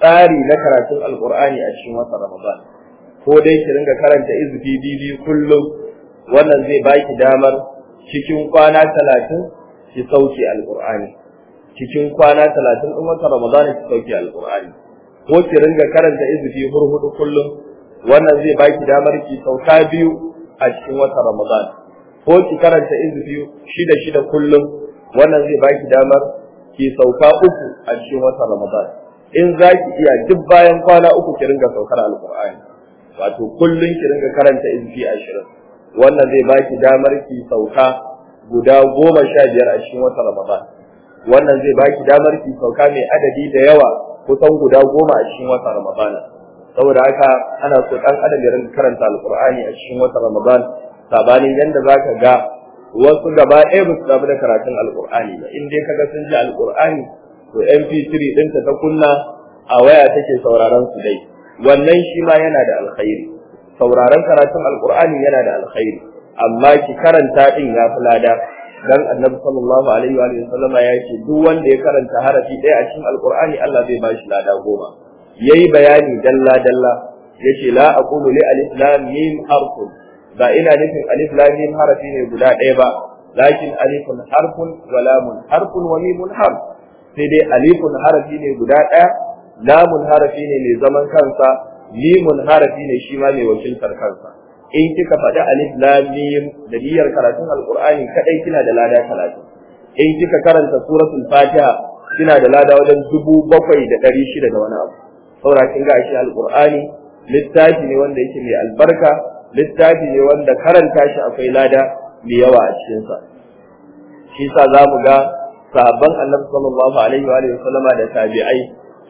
tsari na karatun alqur'ani a cikin watan ramadan ko dai ki ringa karanta izbi bibi kullum wannan zai baki damar cikin kwana talatin ki al alqur'ani cikin kwana talatin ɗin watan ramadan ki al alqur'ani ko ki ringa karanta izifi hurhudu kullum wannan zai baki damar ki sauka biyu a cikin watan Ramadan ko ki karanta izifi shida shida kullum wannan zai baki damar ki sauka uku a cikin watan Ramadan in za ki iya duk bayan kwana uku ki ringa saukar alqur'ani wato kullum ki ringa karanta izifi ashirin wannan zai baki damar ki sauka guda goma sha biyar a cikin watan Ramadan wannan zai baki damar ki sauka mai adadi da yawa kusan guda goma a cikin watan ramadan saboda haka ana so ɗan adam ya rinka karanta alqur'ani a cikin watan ramadan sabani yanda zaka ga wasu gaba ɗaya ba su damu da karatun alqur'ani ba in dai kaga sun ji alqur'ani to mp3 ɗinka ta kunna a waya take sauraron su dai wannan shi ma yana da alkhairi sauraron karatun alqur'ani yana da alkhairi amma ki karanta din ya fi lada dan annabi sallallahu alaihi wa sallama ya ce duk wanda ya karanta harafi ɗaya a cikin alqur'ani Allah zai bashi lada goma yayi bayani dalla dalla yace la aqulu li alif lam mim harfun ba ina nufin alif lam mim harafi ne guda ɗaya ba lakin alifun harfun wa lamun harfun wa mimun harf sai dai alifun harafi ne guda ɗaya lamun harafi ne mai zaman kansa mimun harafi ne shi ma mai wakiltar kansa in kika faɗi alif lam mim da niyyar karatun alqur'ani kadai kina da lada talatin in kika karanta suratul fatiha kina da lada wajen dubu bakwai da ɗari shida da wani abu saboda kin ga ashe alqur'ani littafi ne wanda yake mai albarka littafi ne wanda karanta shi akwai lada mai yawa a cikin sa shi yasa zamu ga sahabban annabi sallallahu alaihi wa alihi wasallama da tabi'ai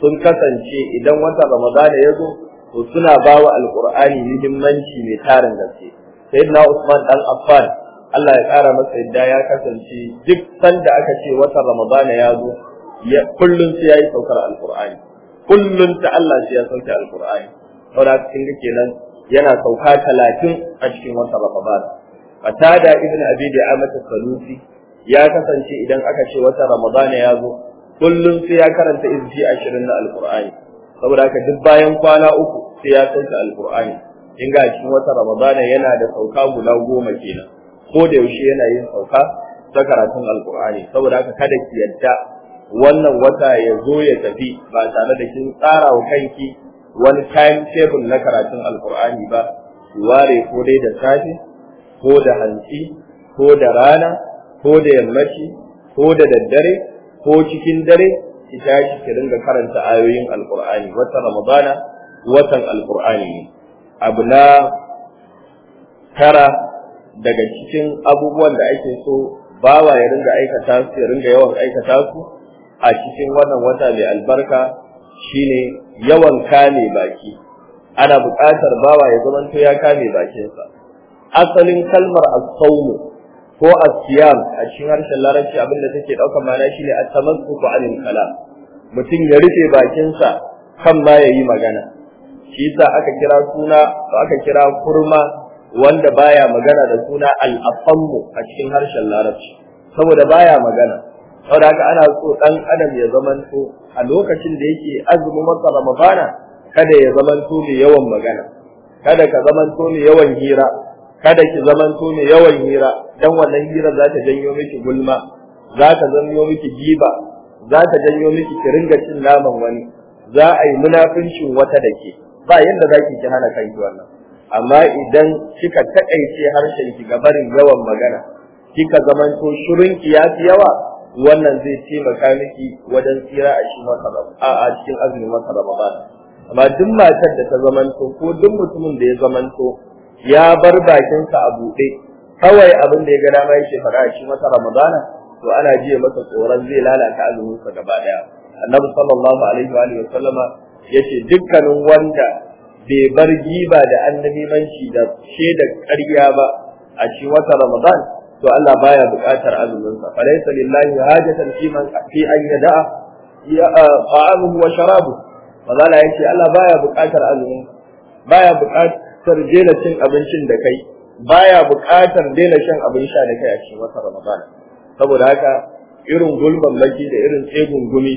sun kasance idan wata ramadana ya zo to suna ba wa alqur'ani muhimmanci mai tarin gaske sayyidina Usman dan Affan Allah ya kara masa yadda ya kasance duk sanda aka ce watan Ramadana ya zo ya kullun sai yayi saukar alqur'ani kullun ta Allah sai ya sauke alqur'ani saboda cikin kenan yana sauka 30 a cikin watan Ramadana da ibn Abi da al-Salusi ya kasance idan aka ce watan Ramadana ya zo kullun sai ya karanta izji 20 na alqur'ani saboda haka duk bayan kwana uku sai ya sauka alkur'ani in ga cikin wata ramadana yana da sauka guda goma kenan ko da yaushe yana yin sauka ta karatun alkur'ani saboda haka kada ki yadda wannan wata ya zo ya tafi ba tare da kin tsara wa kanki wani time table na karatun alkur'ani ba ki ware ko dai da safe ko da hantsi ko da rana ko da yammaci ko da daddare ko cikin dare ki tashi ki dinga karanta ayoyin alqur'ani wata ramadana watan alqur'ani abu na tara daga cikin abubuwan da ake so bawa ya ringa aikata su ya dinga yawan aikata su a cikin wannan wata mai albarka shine yawan kame baki ana buƙatar bawa ya zamanto ya kame bakinsa asalin kalmar as sawm ko asiyam a cikin harshen larabci abin da take daukar ma'ana shine at-tamassuku alil kalam mutum ya rufe bakinsa kan ma yayi magana shi yasa aka kira suna aka kira kurma wanda baya magana da suna al-afammu a cikin harshen larabci saboda baya magana saboda haka ana so dan adam ya zamanto a lokacin da yake azumin masa ramadana kada ya zamanto mai yawan magana kada ka zamanto mai yawan hira kada ki zamanto mai yawan hira dan wannan hira za ta janyo miki gulma za ta janyo miki giba za ta janyo miki ki ringa cin naman wani za a yi munafincin wata da ke ba yadda zaki ki hana kanki wannan amma idan kika takaice harshen ki ga barin yawan magana kika zamanto shirin ki ya fi yawa wannan zai taimaka miki wajen tsira a cikin wata a cikin azumin wata ba amma duk matar da ta zamanto ko duk mutumin da ya zamanto ya bar bakinsa a buɗe kawai abin da ya ga dama yake fara shi masa ramadana to ana jiya masa tsoron zai lalata azuminsa gaba ɗaya annabi sallallahu alaihi wa alihi sallama yace dukkanin wanda bai bar giba da annabi annabimanci da da ƙarya ba a shi wata ramadan to Allah baya buƙatar azuminsa laysa lillahi hajatan fi man fi an yada'a ta'amuhu wa sharabu fazala yace Allah baya buƙatar azumin baya buƙatar buƙatar daina cin abincin da kai baya buƙatar daina shan abin sha da kai a cikin wata ramadan saboda haka irin gulman maki da irin tsegun gumi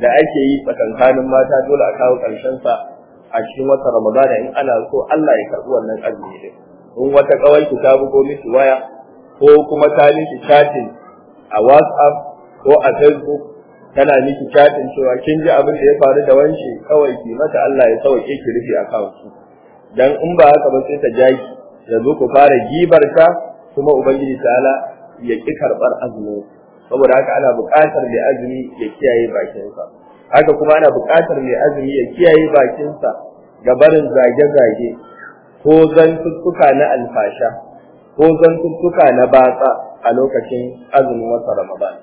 da ake yi tsakankanin mata dole a kawo ƙarshen sa a cikin wata ramadana in ana so Allah ya karɓi wannan azumi din in wata kawai ki ta bugo miki waya ko kuma ta miki chatin a WhatsApp ko a Facebook tana miki chatin cewa kin ji abin da ya faru da wanshi kawai ki mata Allah ya sauke ki rufe account dan in ba haka ba sai ta jaji yanzu ku fara gibar ta kuma ubangiji ta'ala ya ki karbar azumi saboda haka ana buƙatar mai azumi ya kiyaye bakinsa haka kuma ana buƙatar mai azumi ya kiyaye bakinsa ga barin zage-zage ko zantuttuka na alfasha ko zantuttuka na batsa a lokacin azumin wata ramadan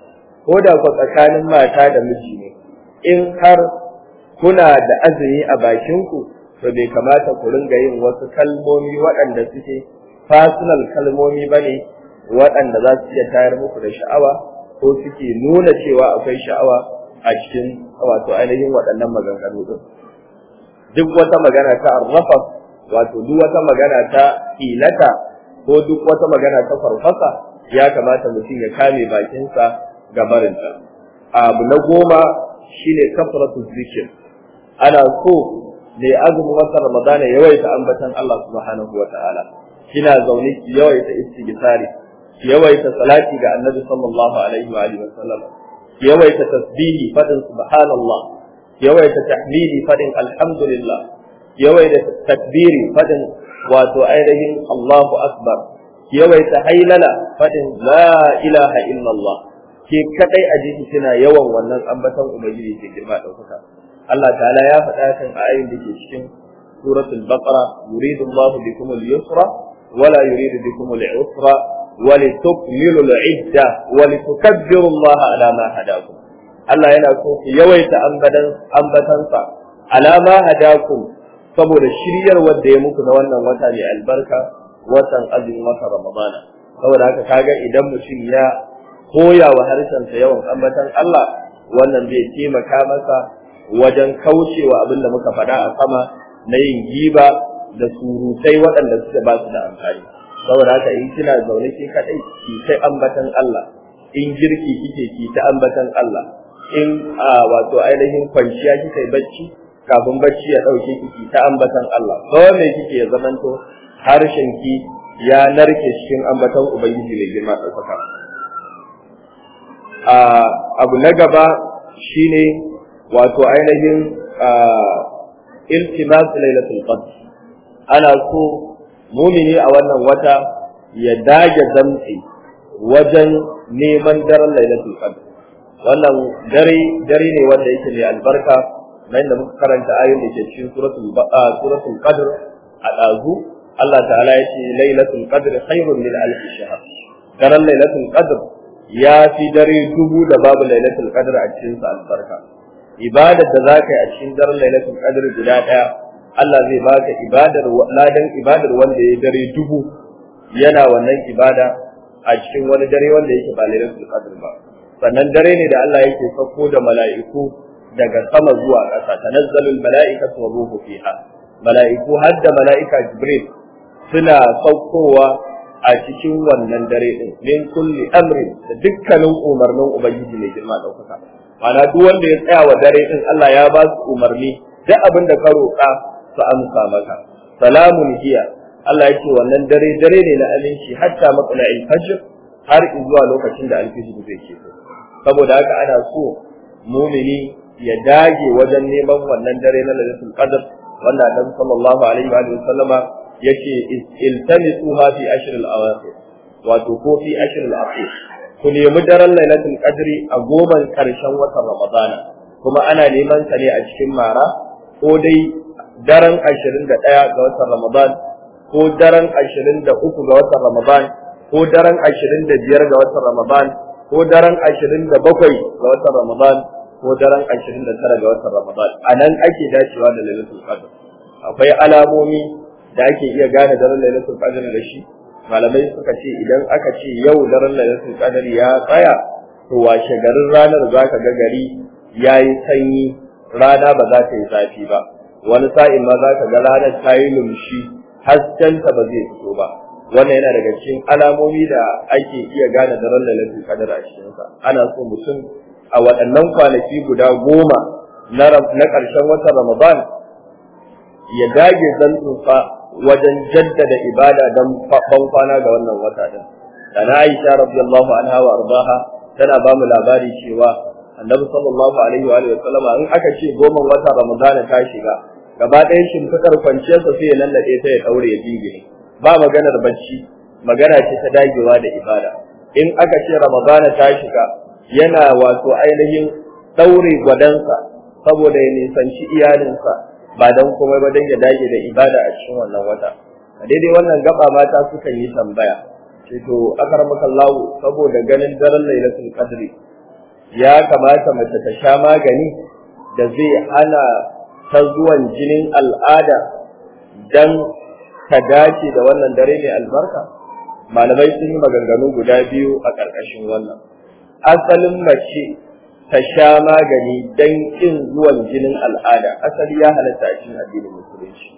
ko da ku tsakanin mata da miji ne in har kuna da azumi a bakinku to bai kamata ku ringa yin wasu kalmomi waɗanda suke fasinal kalmomi ba ne waɗanda za su iya tayar muku da sha'awa ko suke nuna cewa akwai sha'awa a cikin wato ainihin waɗannan maganganu ɗin duk wata magana ta arrafa wato duk wata magana ta ilata ko duk wata magana ta farfasa ya kamata mutum ya kame bakinsa ga barinta abu na goma shine kafaratu zikir ana so da azumin azumi ramadana Ramadan yawaita ambatan Allah subhanahu wa ta'ala kina zaune ki yawaita istighfari ki yawaita salati ga Annabi sallallahu alaihi wa alihi wa ki yawaita tasbihi fadin subhanallah ki yawaita tahmidi fadin alhamdulillah ki yawaita takbiri fadin wato ainihin Allahu akbar ki yawaita hailala fadin la ilaha illallah ke kadai a jiki kina yawan wannan ambatan ubangiji ke girma daukaka Allah ta'ala ya faɗa kan ayoyin da ke cikin suratul baqara yuridu Allahu bikum al-yusra wala yuridu bikum al-usra ولتكملوا العدة ولتكبروا الله على ما هداكم Allah yana so ku yawaita ambatansa alama hadakum saboda shiryar wanda ya muku na wannan wata mai albarka watan azumin wata ramadana saboda haka kaga idan mutum ya koya wa harshensa yawan ambatan Allah wannan bai taimaka masa wajen kaucewa abin da muka faɗa a sama na yin giba da surutai waɗanda suka ba su da amfani saboda haka in kina zaune ki kaɗai ki sai ambatan Allah in girki kike ki ta ambatan Allah in a wato ainihin kwanciya kika yi bacci kafin bacci ya ɗauke ki ki ta ambatan Allah ko me kike ya zamanto harshen ki ya narke cikin ambatan ubangiji mai girma ɗaukaka abu na gaba shine wato ainihin iltimas lailatul qadr ana so mumini a wannan wata ya dage zamtsi wajen neman daren lailatul qadr wannan dare dare ne wanda yake mai albarka nan da muka karanta ayoyin da ke cikin suratul suratul qadr a dazu Allah ta'ala ya ce lailatul qadr khairun min alf shahr daren lailatul qadr ya fi dare dubu da babu lailatul qadr a cikin albarka ibadar da zaka yi a cikin daren lailatul qadr guda daya Allah zai baka ibadar ladan ibadar wanda ya dare dubu yana wannan ibada a cikin wani dare wanda yake ba lailatul qadr ba sannan dare ne da Allah yake sauko da mala'iku daga sama zuwa ƙasa tanazzalul mala'ikatu wa ruhu fiha mala'iku har da mala'ika jibril suna saukowa a cikin wannan dare din min kulli amrin da dukkanin umarnin ubangiji mai girma ɗaukaka ma'ana duk wanda ya tsaya wa dare din Allah ya ba su umarni duk abin da ka roƙa su amsa maka salamun hiya Allah yake wannan dare dare ne na aminci hatta matsala al-fajr har zuwa lokacin da alfijir zai ce saboda haka ana so mumini ya dage wajen neman wannan dare na lailatul qadr wanda annabi sallallahu alaihi wa sallama yake iltamisuha fi ashr al wato ko fi ashr al ku nemi daren lailatul qadri a goban karshen watan ramadana kuma ana neman sa ne a cikin mara ko dai daren 21 ga watan ramadan ko daren 23 ga watan ramadan ko daren 25 ga watan ramadan ko daren 27 ga watan ramadan ko daren 29 ga watan ramadan a nan ake dacewa da lailatul qadr akwai alamomi da ake iya gane daren lailatul qadr da shi malamai suka ce idan aka ce yau daren lailatul qadar ya tsaya to washe garin ranar zaka ga gari yayi sanyi rana ba za ta yi zafi ba wani sa'in ma za ka ga ranar ta yi lumshi haskenta ba zai fito ba wannan yana daga cikin alamomi da ake iya gane daren lailatul qadar a cikinsa ana so mutum a waɗannan kwanaki guda goma na ƙarshen watan ramadan ya dage zan tsufa wajen jaddada ibada don dan kwana ga wannan wata din dan Aisha radiyallahu anha wa ardaha tana ba mu labari cewa Annabi sallallahu alaihi wa sallama in aka ce goma wata Ramadana ta shiga gaba ɗaya shimfiɗar kwanciyarsa sai ya lallaɗe ta ya ɗaure ya bige ba maganar bacci magana ce ta dagewa da ibada in aka ce Ramadana ta shiga yana wato ainihin ɗaure gwadansa saboda ya nisanci iyalinsa ba don komai ba don ya dage da ibada a cikin wannan wata a daidai wannan gaba mata sukan yi tambaya ce to lawo saboda ganin daren lailatul qadri ya kamata mace ta sha magani da zai hana ta zuwan jinin al'ada dan ta dace da wannan dare mai albarka malamai sun yi maganganu guda biyu a ƙarƙashin wannan asalin mace ta sha magani don ƙin zuwan jinin al'ada asali ya halatta a cikin addinin musulunci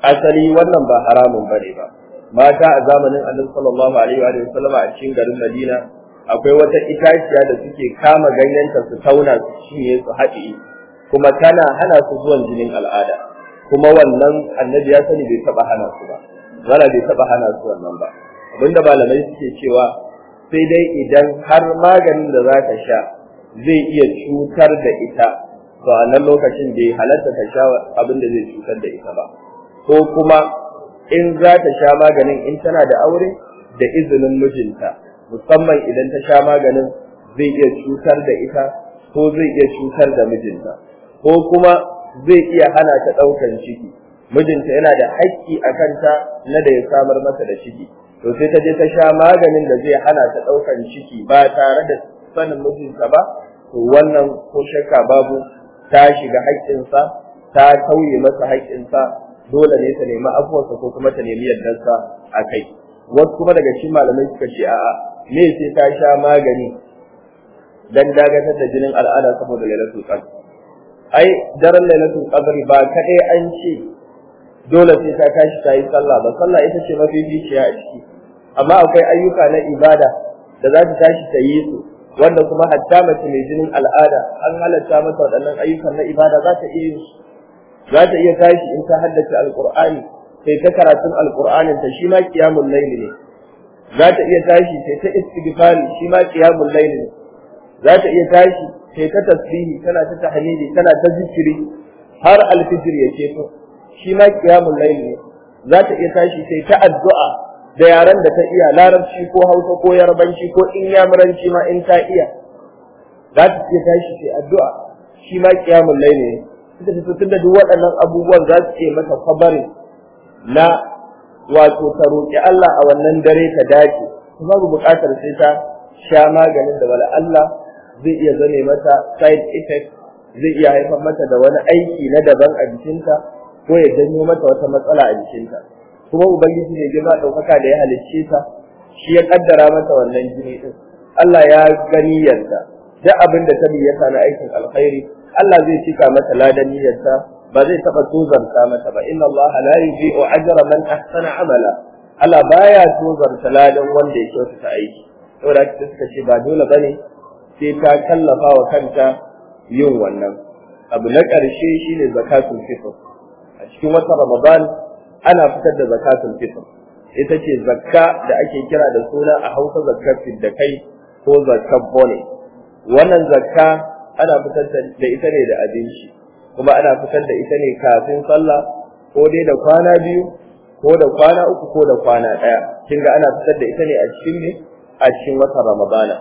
asali wannan ba haramun bane ba mata a zamanin annabi sallallahu alaihi wa sallama a cikin garin Madina akwai wata itaciya da suke kama ganyenta su tauna su cinye su haɗe kuma tana hana su zuwan jinin al'ada kuma wannan annabi ya sani bai taɓa hana su ba wala bai taɓa hana su wannan ba abinda malamai suke cewa sai dai idan har maganin da za ka sha zai iya cutar da ita to a nan lokacin da ya halatta ta sha abin da zai cutar da ita ba ko kuma in za ta sha maganin in tana da aure da izinin mijinta musamman idan ta sha maganin zai iya cutar da ita ko zai iya cutar da mijinta ko kuma zai iya hana ta ɗaukan ciki mijinta yana da haƙƙi a kanta na da ya samar masa da ciki to sai ta je ta sha maganin da zai hana ta ɗaukan ciki ba tare da sanin mijinta ba to wannan ko shakka babu ta shiga haƙƙinsa ta tauye masa haƙƙinsa dole ne ta nemi afuwarsa ko kuma ta nemi yardarsa a kai wasu kuma daga cikin malamai suka ce a'a me sai ta sha magani dan dagatar da jinin al'ada saboda lailatul qadr ai daren lailatul qadr ba kadai an ce dole sai ta tashi ta yi sallah ba sallah ita ce mafi a ciki amma akwai ayyuka na ibada da za ta tashi ta yi su wanda kuma hatta mace mai jinin al'ada an halatta mata waɗannan ayyukan na ibada za ta iya za ta iya tashi in ta haddace alqur'ani sai ta karatun alqur'anin ta shi ma qiyamul layl ne za ta iya tashi sai ta istighfari shi ma qiyamul layl ne za ta iya tashi sai ta tasbihi tana ta tahmidi tana ta zikiri har alfijir ya ce to shi ma qiyamul layl ne za ta iya tashi sai ta addu'a da yaren da ta iya larabci ko hausa ko yarbanci ko in inyamuranci ma in ta iya za ta ce ta shi ce addu'a shi ma kiyamun laili ne ita ta da duk waɗannan abubuwan za su ce mata kabari na wato ta roƙi Allah a wannan dare ta dace babu buƙatar sai ta sha maganin da wala Allah zai iya zane mata side effect zai iya haifar mata da wani aiki na daban a jikinta ko ya janyo mata wata matsala a jikinta. kuma ubangiji ne girma ɗaukaka da ya halicce ta shi ya ƙaddara mata wannan jini din Allah ya gani yadda duk abin da ta na aikin alkhairi Allah zai cika mata ladan niyyarta ba zai taɓa tozarta mata ba inna Allah la yudhi'u ajra man ahsana amala Allah baya tozarta ladan wanda ya kyautata aiki saboda haka suka ce ba dole bane sai ta kallafa wa kanta yin wannan abu na ƙarshe shine zakatul fitr a cikin watan Ramadan ana fitar da zakatul fitr ita ce zakka da ake kira da suna a Hausa zakkar da kai ko zakkar bone wannan zakka ana fitar da ita ne da abinci kuma ana fitar da ita ne kafin sallah ko dai da kwana biyu ko da kwana uku ko da kwana ɗaya kin ga ana fitar da ita ne a cikin ne a cikin wata Ramadana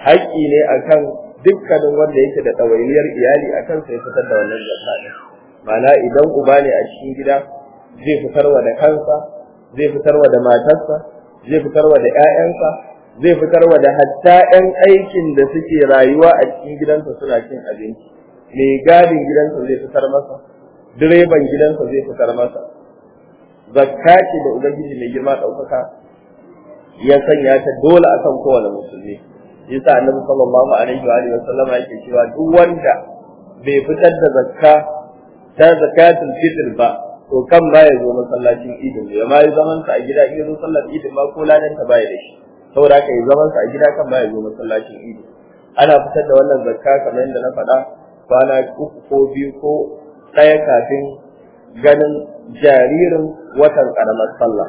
haƙƙi ne akan dukkanin wanda yake da ɗawainiyar iyali akan sai fitar da wannan zakka ma'ana idan uba ne a cikin gida zai fitarwa da kansa zai fitarwa da matarsa zai fitarwa da ƴaƴansa zai fitarwa da hatta ƴan aikin da suke rayuwa a cikin gidansa suna cin abinci mai gadin gidansa zai fitar masa direban gidansa zai fitar masa zakka ce da ubangiji mai girma ɗaukaka ya sanya ta dole akan kowane musulmi yasa annabi sallallahu alaihi wa sallama yake cewa duk wanda bai fitar da zakka ta zakatul fitr ba to kan ba ya zo masallacin idin ya ma yi zaman sa a gida in zo sallar idin ma ko ladan ta baya da shi saboda ka yi zaman sa a gida kan ba ya zo masallacin idin ana fitar da wannan zakka kamar yadda na faɗa kwana uku ko biyu ko ɗaya kafin ganin jaririn watan ƙaramar sallah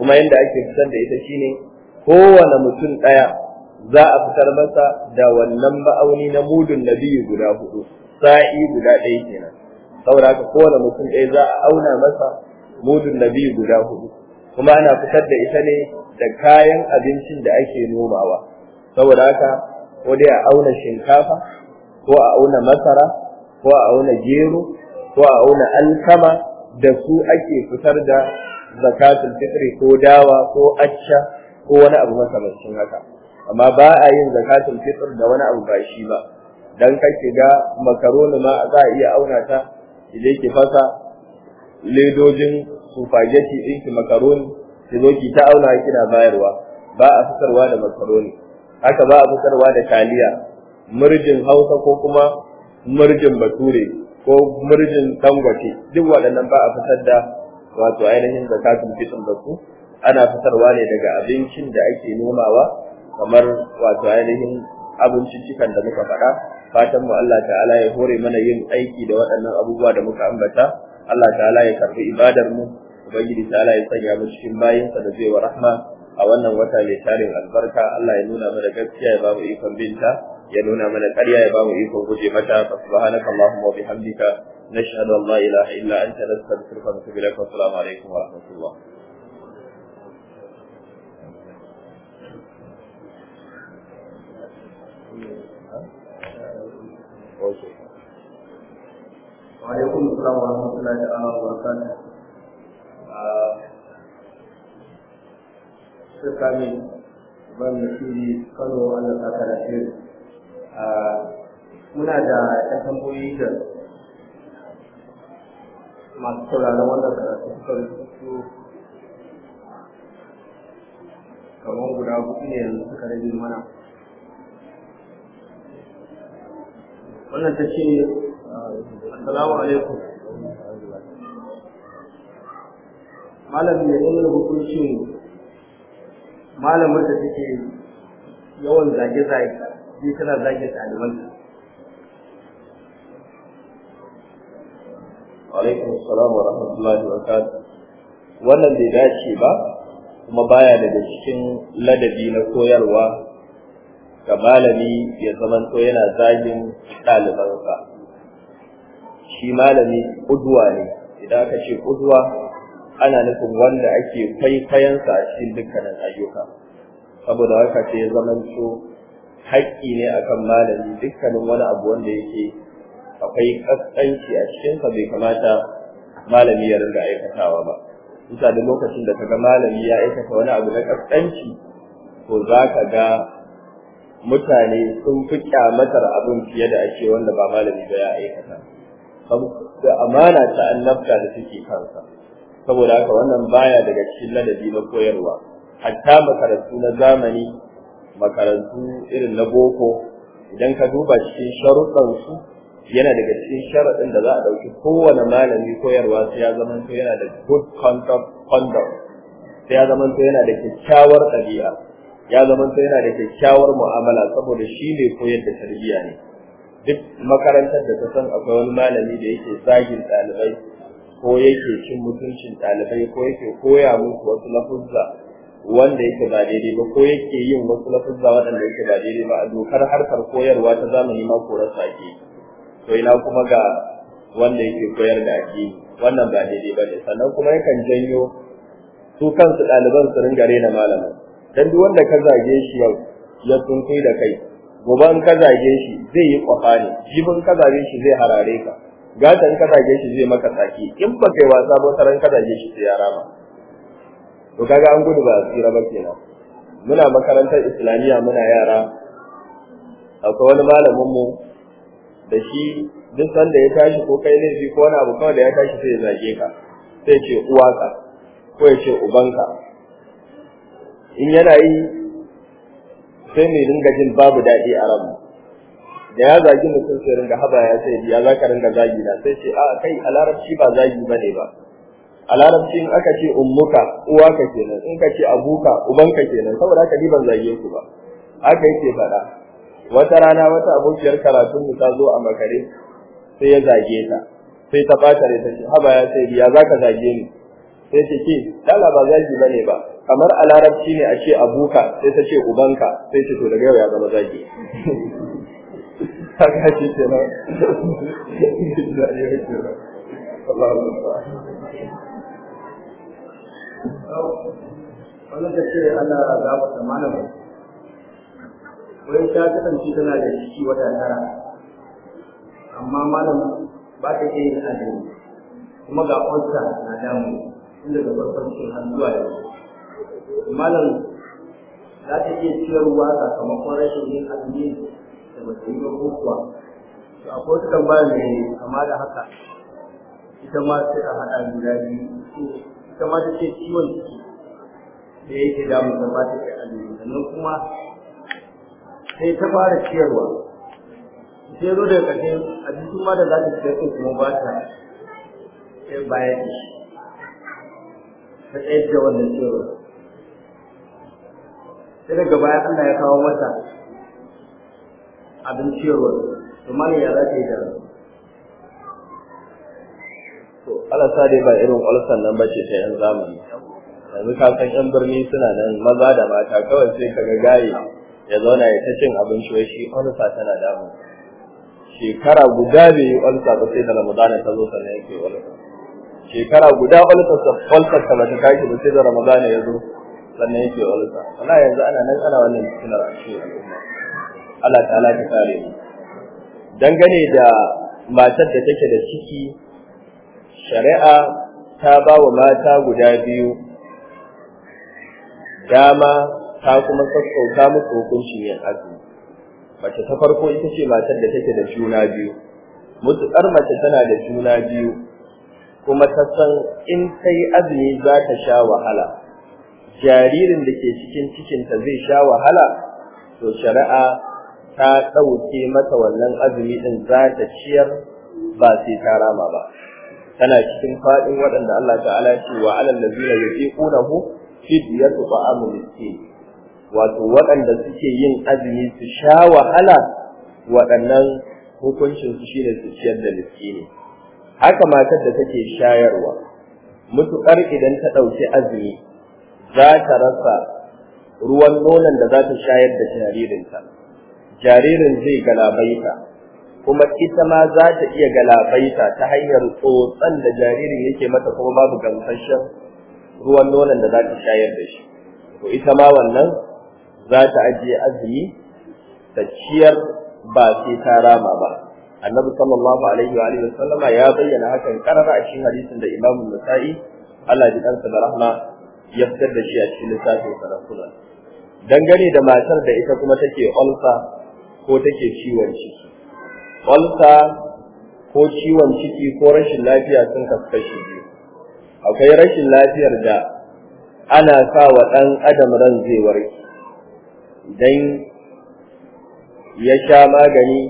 kuma yadda ake fitar da ita shine kowane mutum ɗaya za a fitar masa da wannan ma'auni na mudun biyu guda hudu sa'i guda ɗaya kenan saura ka kowane mutum ɗaya za a auna masa mudun biyu guda hudu kuma ana fitar da ita ne da kayan abincin da ake nomawa saboda haka ko dai a auna shinkafa ko a auna masara ko a auna gero ko a auna alkama da su ake fitar da zakatun fitri ko dawa ko acca ko wani abu makamancin haka amma ba a yin zakatun fitr da wani abu ba shi ba dan kake ga makaroni ma za a iya auna ta idan ki fasa ledojin sufageti din ki makaroni ki zo ki ta auna kina bayarwa ba a fitarwa da makaroni haka ba a fitarwa da taliya murjin hausa ko kuma murjin bature ko murjin dangwace duk waɗannan ba a fitar da wato ainihin zakatun fitin da su ana fitarwa ne daga abincin da ake nomawa kamar wato ainihin abincin cikan da muka faɗa fatan mu Allah ta'ala ya hore mana yin aiki da waɗannan abubuwa da muka ambata Allah ta'ala ya karɓi ibadar mu ubangiji ta'ala ya sanya mu cikin bayinsa da zai wa rahma a wannan wata mai tarin albarka Allah ya nuna mana gaskiya ya ba mu ikon binta ya nuna mana ƙarya ya ba mu ikon guje mata fa subhanaka allahumma wa bihamdika nashhadu an la ilaha illa anta nastaghfiruka wa natubu ilaik wa assalamu alaikum wa rahmatullah okay wa alaikum assalam wa rahmatullahi ban ah, kano Allah ta karace ah, muna da ƴan tambayoyi da masu sauraron wannan karatu suka rubutu kamar guda hudu ne yanzu suka rage mana wannan ta ce assalamu alaikum malam ya yi hukunci malamar da take yawan zage-zage ne tana zage ɗalibanta alaikum salam wa rahmatullahi wa barakatuh wannan bai dace ba kuma baya daga cikin ladabi na koyarwa ga malami ya zamanto yana zagin ɗalibansa shi malami udwa ne idan aka ce udwa ana nufin wanda ake kwaikwayonsa a cikin dukkanin ayyuka saboda haka ce ya zamanto haƙƙi ne akan malami dukkanin wani abu wanda yake akwai ƙasƙanci a cikinsa bai kamata malami ya ringa aikatawa ba da lokacin da ka ga malami ya aikata wani abu na ƙasƙanci to za ka ga mutane sun fi kyamatar abin fiye da ake wanda ba malami ba ya aikata da amana ta annabta da suke kansa saboda haka wannan baya daga cikin ladabi na koyarwa hatta makarantu na zamani makarantu irin na boko idan ka duba cikin sharuɗansu yana daga cikin sharaɗin da za a ɗauki kowane malami koyarwa sai ya zama yana da good conduct sai ya zama yana da kyakkyawar ɗabi'a ya zama sai yana da kyakkyawar mu'amala saboda shi ne koyar da tarbiyya ne duk makarantar da ta san akwai wani malami da yake zagin ɗalibai ko yake cin mutuncin ɗalibai ko yake koya musu wasu lafuzza wanda yake ba daidai ba ko yake yin wasu lafuzza waɗanda yake ba daidai ba a dokar harkar koyarwa ta zamani ma rasa ake to ina kuma ga wanda yake koyar da ake wannan ba daidai ba ne sannan kuma yakan janyo su kansu ɗaliban su ringa rena malamin dan duk wanda ka zage shi yau ya tunkai da kai gobe in ka zage shi zai yi kwafa ne jibin ka zage shi zai harare ka gata in ka zage shi zai maka tsaki in ba kai wasa ba taran ka zage shi sai ya Ba to kaga an gudu ba tsira ba kenan muna makarantar islamiyya muna yara akwai wani malamin mu da shi duk sanda ya tashi ko kai laifi ko wani abu kawai da ya tashi sai ya zage ka sai ce uwaka ko ya ce ubanka in yana yi sai mai ringa jin babu daɗi a ranmu da ya zagi mutum sai ringa haba ya sai biya za ka ringa zagi na sai ce a kai a larabci ba zagi ba ne ba a larabci in aka ce ummuka ka kenan in ka ce abuka ka kenan saboda haka ni ban zage ku ba haka yake faɗa wata rana wata abokiyar karatun mu ta zo a makare sai ya zage ta sai ta ɓata rai ta ce haba ya sai biya za ka zage ni sai ce ke dala ba zagi ba ne ba kamar a larabci ne a ce abuka sai ta ce ubanka sai ce to daga yau ya zama zagi haka ce ke wannan ta ce ana zaɓa ta malama wai ta kasance tana da ciki wata tara amma malam ba ta iya yin azumi kuma ga ƙwarsa na damu inda da farkon hannu zuwa yau malam za ta iya ciyarwa sakamakon rashin yin azumi da ba ta yi ba kuwa to akwai wata tambaya ne kama da haka ita ma sai a haɗa guda biyu ita ma ta ce ciwon ciki da yake damun ta ba ta kai azumi sannan kuma sai ta fara ciyarwa sai zo daga ƙarshe abincin ma da za ta ciyar kuma ba ta sai baya da shi ta tsayar da wannan ciyarwa sai daga baya Allah ya kawo mata abin ciyarwa to mallam ya za ta yi da to Allah sa dai ba irin ulsan nan bace ta yan zamani yanzu ka san yan birni suna nan maza da mata kawai sai kaga gaye ya zauna ya ta cin abinci wai shi ulsa tana damu shekara guda bai yi ulsa ba sai da Ramadana ta zo sannan yake ulsa shekara guda ulsa ulsa ta ba ta kai ba sai da Ramadana ya zo sannan yake walsa wala yanzu ana nan ana wannan cikin al'umma Allah Ta ta kare mu dangane da matar da take da ciki shari'a ta ba wa mata guda biyu dama ta kuma sassauta musu hukuncin yin azumi mace ta farko ita ce matar da take da juna biyu mutuƙar mace tana da juna biyu kuma ta san in ta yi azumi za ta sha wahala jaririn da ke cikin cikinta zai sha wahala to shari'a ta ɗauke mata wannan azumi ɗin za ta ciyar ba sai ta rama ba tana cikin faɗin waɗanda Allah ta'ala ce wa alal ladina yutiqunahu fidyatu ta'amu miskin wato waɗanda suke yin azumi su sha wahala waɗannan hukuncin su ne su ciyar da ne haka matar da take shayarwa mutuƙar idan ta ɗauki azumi za ta rasa ruwan nonon da za ta shayar da jaririnta jaririn zai galabaita kuma ita ma za ta iya galabaita ta hanyar tsotsan da jaririn yake mata kuma babu gamsashen ruwan nonon da za ta shayar da shi to ita ma wannan za ta ajiye azumi ta ciyar ba sai ta rama ba annabi sallallahu alaihi wa alihi Sallama ya bayyana hakan karara a cikin hadisin da Imam musa'i Allah ya da rahma ya fitar da shi a cikin lissafin sarakuna dangane da matar da ita kuma take olsa ko take ciwon ciki olsa ko ciwon ciki ko rashin lafiya sun kaskashi biyu akwai rashin lafiyar da ana sa wa ɗan adam ran zai warke idan ya sha magani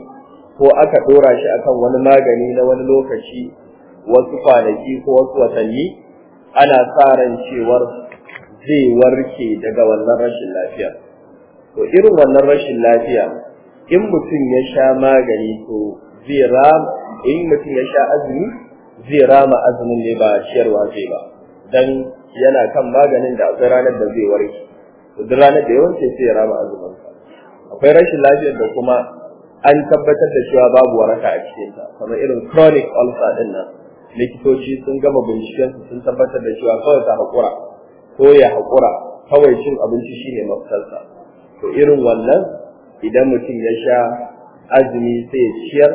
ko aka ɗora shi akan wani magani na wani lokaci wasu kwanaki ko wasu watanni ana sa ran cewar zai warke daga wannan rashin lafiya to irin wannan rashin lafiya in mutum ya sha magani to zai rama in mutum ya sha azumi zai rama azumin ne ba ciyarwa zai ba dan yana kan maganin da akwai ranar da zai warke to duk ranar da ya wanke sai ya rama azumin akwai rashin lafiyar da kuma an tabbatar da cewa babu waraka a cikin ta kamar irin chronic ulcer din nan likitoci sun gama binciken su sun tabbatar da cewa kawai ta haƙura. ko ya haƙura kawai cin abinci shine mafitarsa to irin wannan idan mutum ya sha azumi sai ya ciyar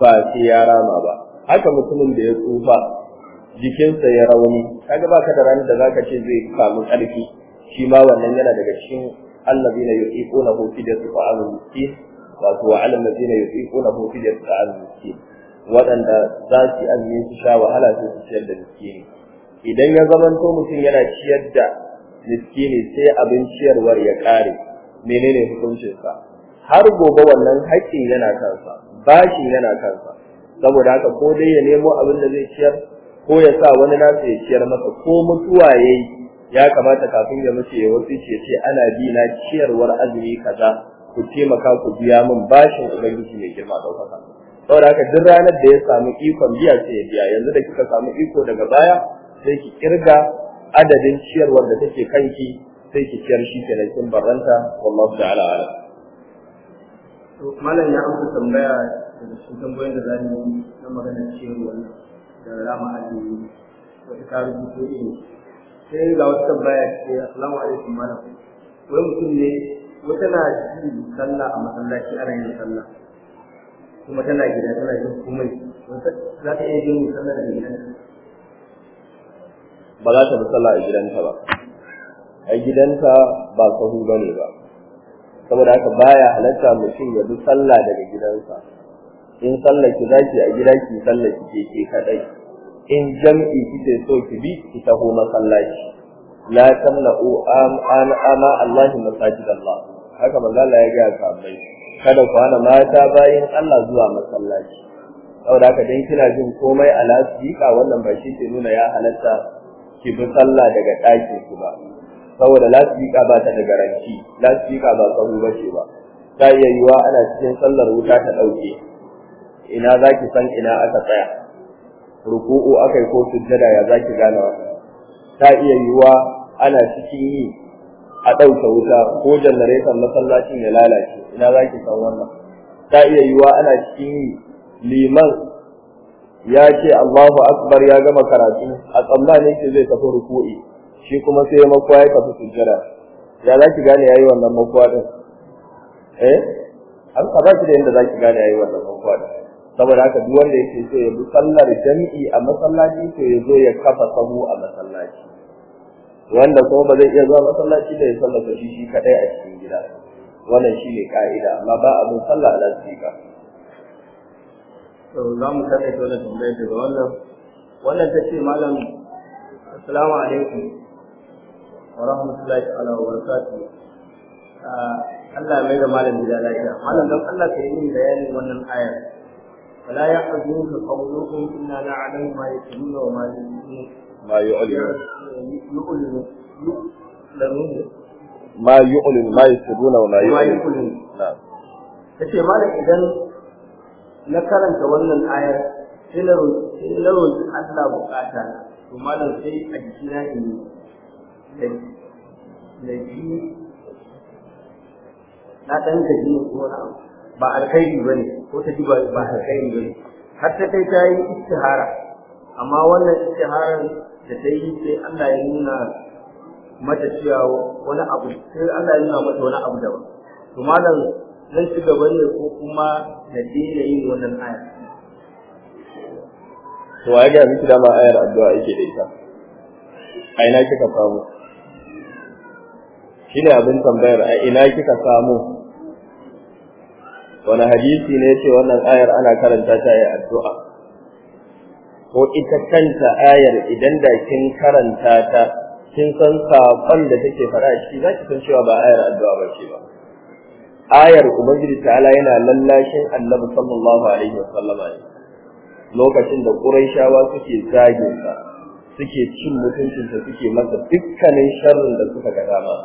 ba sai ya rama ba haka mutumin da ya tsufa jikinsa ya rauni kaga baka da ranar da zaka ce zai samu ƙarfi shi ma wannan yana daga cikin allazina yuqiquna hu fi da'amin miskin wato wa allazina yuqiquna hu fi da'amin miskin waɗanda za su yi azumi su sha wahala sai su ciyar da miskini idan ya zamanto mutum yana ciyar da miskini sai abin ciyarwar ya kare menene hukuncinsa har gobe wannan haƙƙin yana kansa bashi yana kansa saboda haka ko dai ya nemo abin da zai ciyar ko ya sa wani nasa ya ciyar masa ko mutuwa yayi ya kamata kafin ya mace ya wasu ce ce ana bi na ciyarwar azumi kaza ku taimaka ku biya min bashin ubangiji mai girma ɗaukaka saboda haka duk ranar da ya samu ikon biya sai ya biya yanzu da kika samu iko daga baya sai ki kirga adadin ciyarwar da take kanki sai ki ciyar shi kenan kin barranta wallahi ta'ala ala to malam ya amsa tambaya da cikin tambayoyin da zamu yi na magana ciyarwa da rama ali ko ta ko ne sai ga wata tambaya ce assalamu alaikum malam wai mutum ne wata na ji sallah a masallaci ana yin sallah kuma tana gida tana jin komai za ta iya jin sallah daga gidanka ba za ta bi sallah a gidanta ba a gidanta ba sahu ba ne ba saboda haka baya halatta mutum ya bi sallah daga gidansa in sallar ki zaki a gida ki sallar ki ke ke kadai in jam'i kike so ki bi ki taho masallaci la tamna'u am an ama Allah masajid Allah haka manzo Allah ya ga sabai kada ku hana mata bayin Allah zuwa masallaci saboda haka dan kina jin komai a lasika wannan ba shi ke nuna ya halatta ki bi sallah daga ɗakin su ba saboda lasifika ba ta da garanti lasifika ba tsawo ba ce ba ta iya yiwa ana cikin sallar wuta ta ɗauke ina za ki san ina aka tsaya ruku'u aka yi ko sujjada ya za ki gane wannan ta iya yiwa ana cikin yi a ɗauke wuta ko janareton masallacin ya lalace ina za ki san wannan ta iya yiwa ana cikin yi liman ya ce Allahu akbar ya gama karatu a tsammanin ke zai tafi ruku'i shi kuma sai makuwa ya tafi sujjada ya za ki gane yayi wannan makuwa din eh an ba ki da yadda za ki gane yayi wannan makuwa din saboda haka duk wanda yake so ya bi sallar jami'i a masallaci to ya zo ya kafa sahu a masallaci wanda kuma ba zai iya zuwa masallaci da ya sallata shi shi kadai a cikin gida wannan shine ka'ida amma ba abin sallah a lasifika. to za mu kaɗai dole tambayar daga wannan wannan ta ce malam assalamu alaikum wa rahmatullahi ta'ala wa barakatuhu Allah mai da malam da lafiya malam dan Allah ka yi min bayani wannan ayar ولا يحزنك قولهم إنا نعلم ما يكتمون وما يعلنون ما يعلنون ما يعلن Ma يسرون وما ma نعم. يقولون ما يقولون نعم. يقولون ما يقولون malam idan. na karanta wannan ayar sai na Allah bukata to malam sai a jikina in da ji na ɗan gaji ji ko na ba alkhairi ba ne ko ta ji ba alkhairi ba ne har ta kai ta yi istihara amma wannan istiharar da ta yi sai Allah ya nuna mata cewa wani abu sai Allah ya nuna mata wani abu daban to malam zan ci gaba ne ko kuma da daina yin wannan ayar to waye ga miki dama ayar addu'a yake da ita a ina kika samu shine abin tambayar a ina kika samu wani hadisi ne ce wannan ayar ana karanta ta yi addu'a ko ita kanta ayar idan da kin karanta ta kin san saƙon da take fara shi za ki san cewa ba ayar addu'a ba ce ba ayar ubangiji ta'ala yana lallashin annabi sallallahu alaihi wa sallama ne lokacin da quraishawa suke zage sa suke cin mutuncin sa suke masa dukkanin sharrin da suka ga dama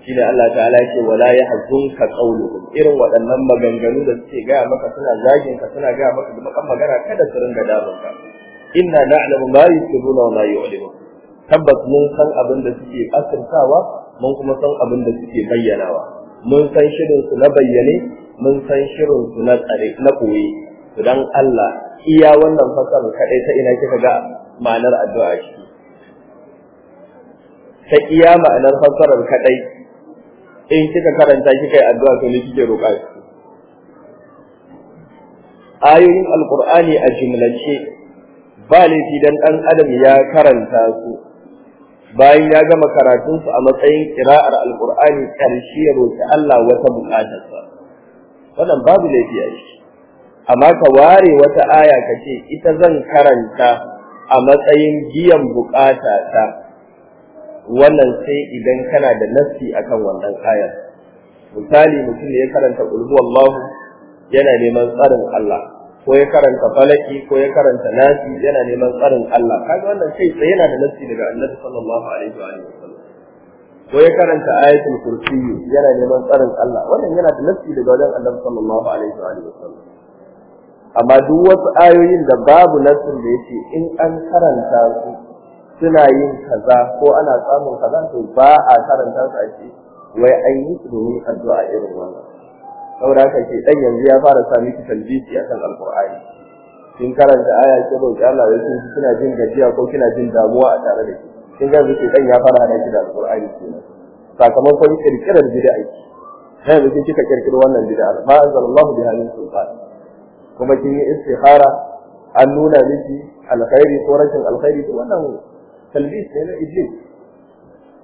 ne Allah ta'ala yake wala yahzunka qawluhum irin waɗannan maganganu da suke ga maka suna zagin ka suna ga maka da makan magana kada su ringa damun ka inna na'lamu ma yusirruna wa ma yu'linun tabbas mun san abin da suke asirtawa mun kuma san abin da suke bayyanawa mun san shirin su na bayyane mun san shirin su na tsare na koyi dan Allah iya wannan fasarar kadai ta ina kika ga ma'anar addu'a shi? ta iya ma'anar fasarar kadai in kika karanta kika yi addu'a to ne kike roƙa shi ayoyin alqur'ani a jumlace ba ne idan dan adam ya karanta su bayan ya gama karatunsu a matsayin kira'ar alkur'ani karshe ya roƙi Allah wata buƙatarsa wannan babu laifi a shi amma ka ware wata aya ka ce ita zan karanta a matsayin biyan buƙatata wannan sai idan kana da nassi akan wannan ayar misali mutum ne ya karanta qul huwallahu yana neman tsarin Allah ko ya karanta falaki ko ya karanta nasi yana neman tsarin Allah kaga wannan sai sai yana da nasi daga Annabi sallallahu alaihi wa sallam ko ya karanta ayatul kursi yana neman tsarin Allah wannan yana da nasi daga wajen Annabi sallallahu alaihi wa sallam amma duk wasu ayoyin da babu nasin da yake in an karanta su suna yin kaza ko ana samun kaza to ba a karanta su a ce wai an yi domin addu'a irin wannan saboda haka ke dan yanzu ya fara sa miki talbisi akan alqur'ani kin karanta aya ce roki Allah ya ce kina jin gajiya ko kina jin damuwa a tare da ki kin ga miki dan ya fara hada ki da alqur'ani kenan sakamakon kirkirar bid'a ki sai da kika kirkiro wannan bid'a ma anzalallahu biha min sultan kuma kin yi istihara an nuna miki alkhairi ko rashin alkhairi to wannan talbis ne na iblis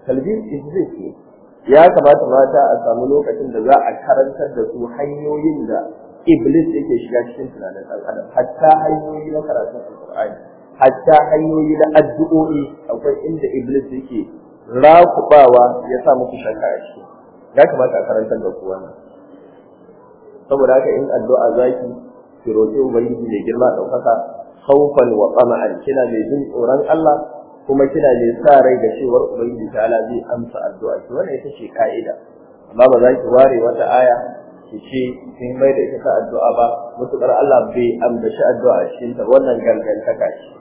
talbis iblis ne ya kamata mata a samu lokacin da za a karantar da su hanyoyin da iblis yake shiga cikin tunanin ɗan hatta hanyoyi na karatun alƙur'ani hatta hanyoyi na addu'o'i akwai inda iblis yake rakubawa ya sa muku shaka a ciki ya kamata a karantar da ku wannan saboda haka in addu'a zaki ki roƙi ubangiji mai girma ɗaukaka khawfan wa tama'an kina mai jin tsoron Allah kuma kina ne sa rai da cewar ubangiji ta ala zai amsa addu'a ki wannan ita ce ka'ida amma ba za ki ware wata aya ki ce kin mai da ita ta addu'a ba mutukar Allah bai shi addu'a shi ta wannan gangantaka ce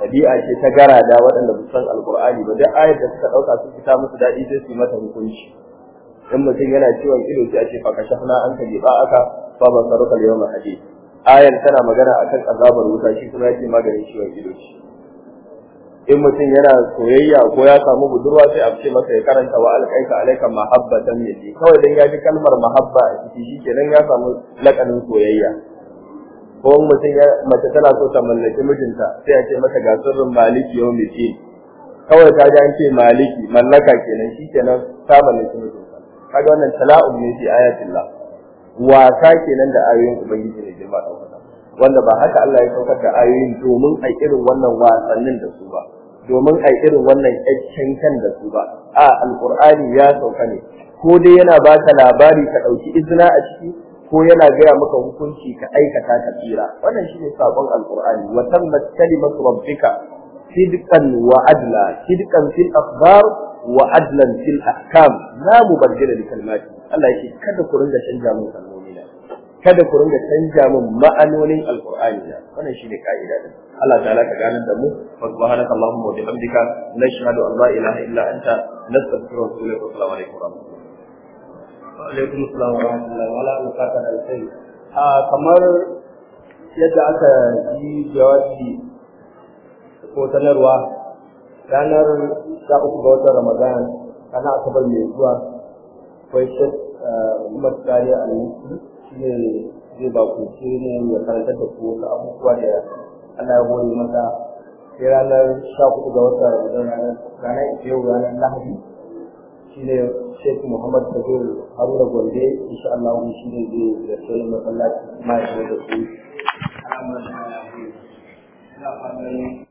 tabi'a ce ta garada waɗanda ba san alqur'ani ba duk ayar da suka dauka su fita musu dadi sai su mata hukunci in mutum yana ciwon ido sai a ce shafna an anka jiba aka fa ba al-yawma hadid ayar tana magana akan azabar wuta shi kuma yake maganin ciwon ido shi in mutum yana soyayya ko ya samu budurwa sai a ce masa ya karanta wa alƙaika alaika ya ne kawai dan ya ji kalmar mahabba a ciki shi shikenan ya samu lakanin soyayya ko mutum ya mace tana so ta mallaki mijinta sai a ce masa ga sirrin maliki yau mai kawai ta ji an ce maliki mallaka kenan nan ta mallaki mijinta kaga wannan tala'ub ne fi ayatillah wasa kenan da ayoyin ubangiji ne girma ɗaukaka wanda ba haka Allah ya saukar da ayoyin domin a irin wannan wasannin da su ba domin a irin wannan yaccen kan da su ba a alqur'ani ya sauka ne ko dai yana baka labari ka dauki izina a ciki ko yana gaya maka hukunci ka aikata ka tsira wannan shine sabon alqur'ani wa tammat kalimatu rabbika sidqan wa adla sidqan fil akhbar wa adlan fil ahkam la mubaddila li kalimati Allah yake kada ku ringa canja mun kada ku ringa canja min ma'anonin alqur'ani na wannan shine kaida din Allah ta'ala ka ganin da mu wa subhanaka allahumma wa bihamdika nashhadu an la ilaha illa anta nastaghfiruka wa natubu assalamu alaikum wa rahmatullahi wa alaikum assalam wa rahmatullahi wa la nusaka da alkhair a ah, kamar yadda aka yi jawabi ko sanarwa ranar sha uku ga watan ramadan ranar asabar mai zuwa kwai ah, masu kariya a al-muslim zai ba ku ne ya karanta da ku wasu abubuwa da Allah ya goyi masa sai ranar sha hudu ga wata ranar ranar ranar lahadi shi ne Sheikh Muhammad Kabir Haruna Gombe insha Allah shi ne zai da sauran masallaci ma da su.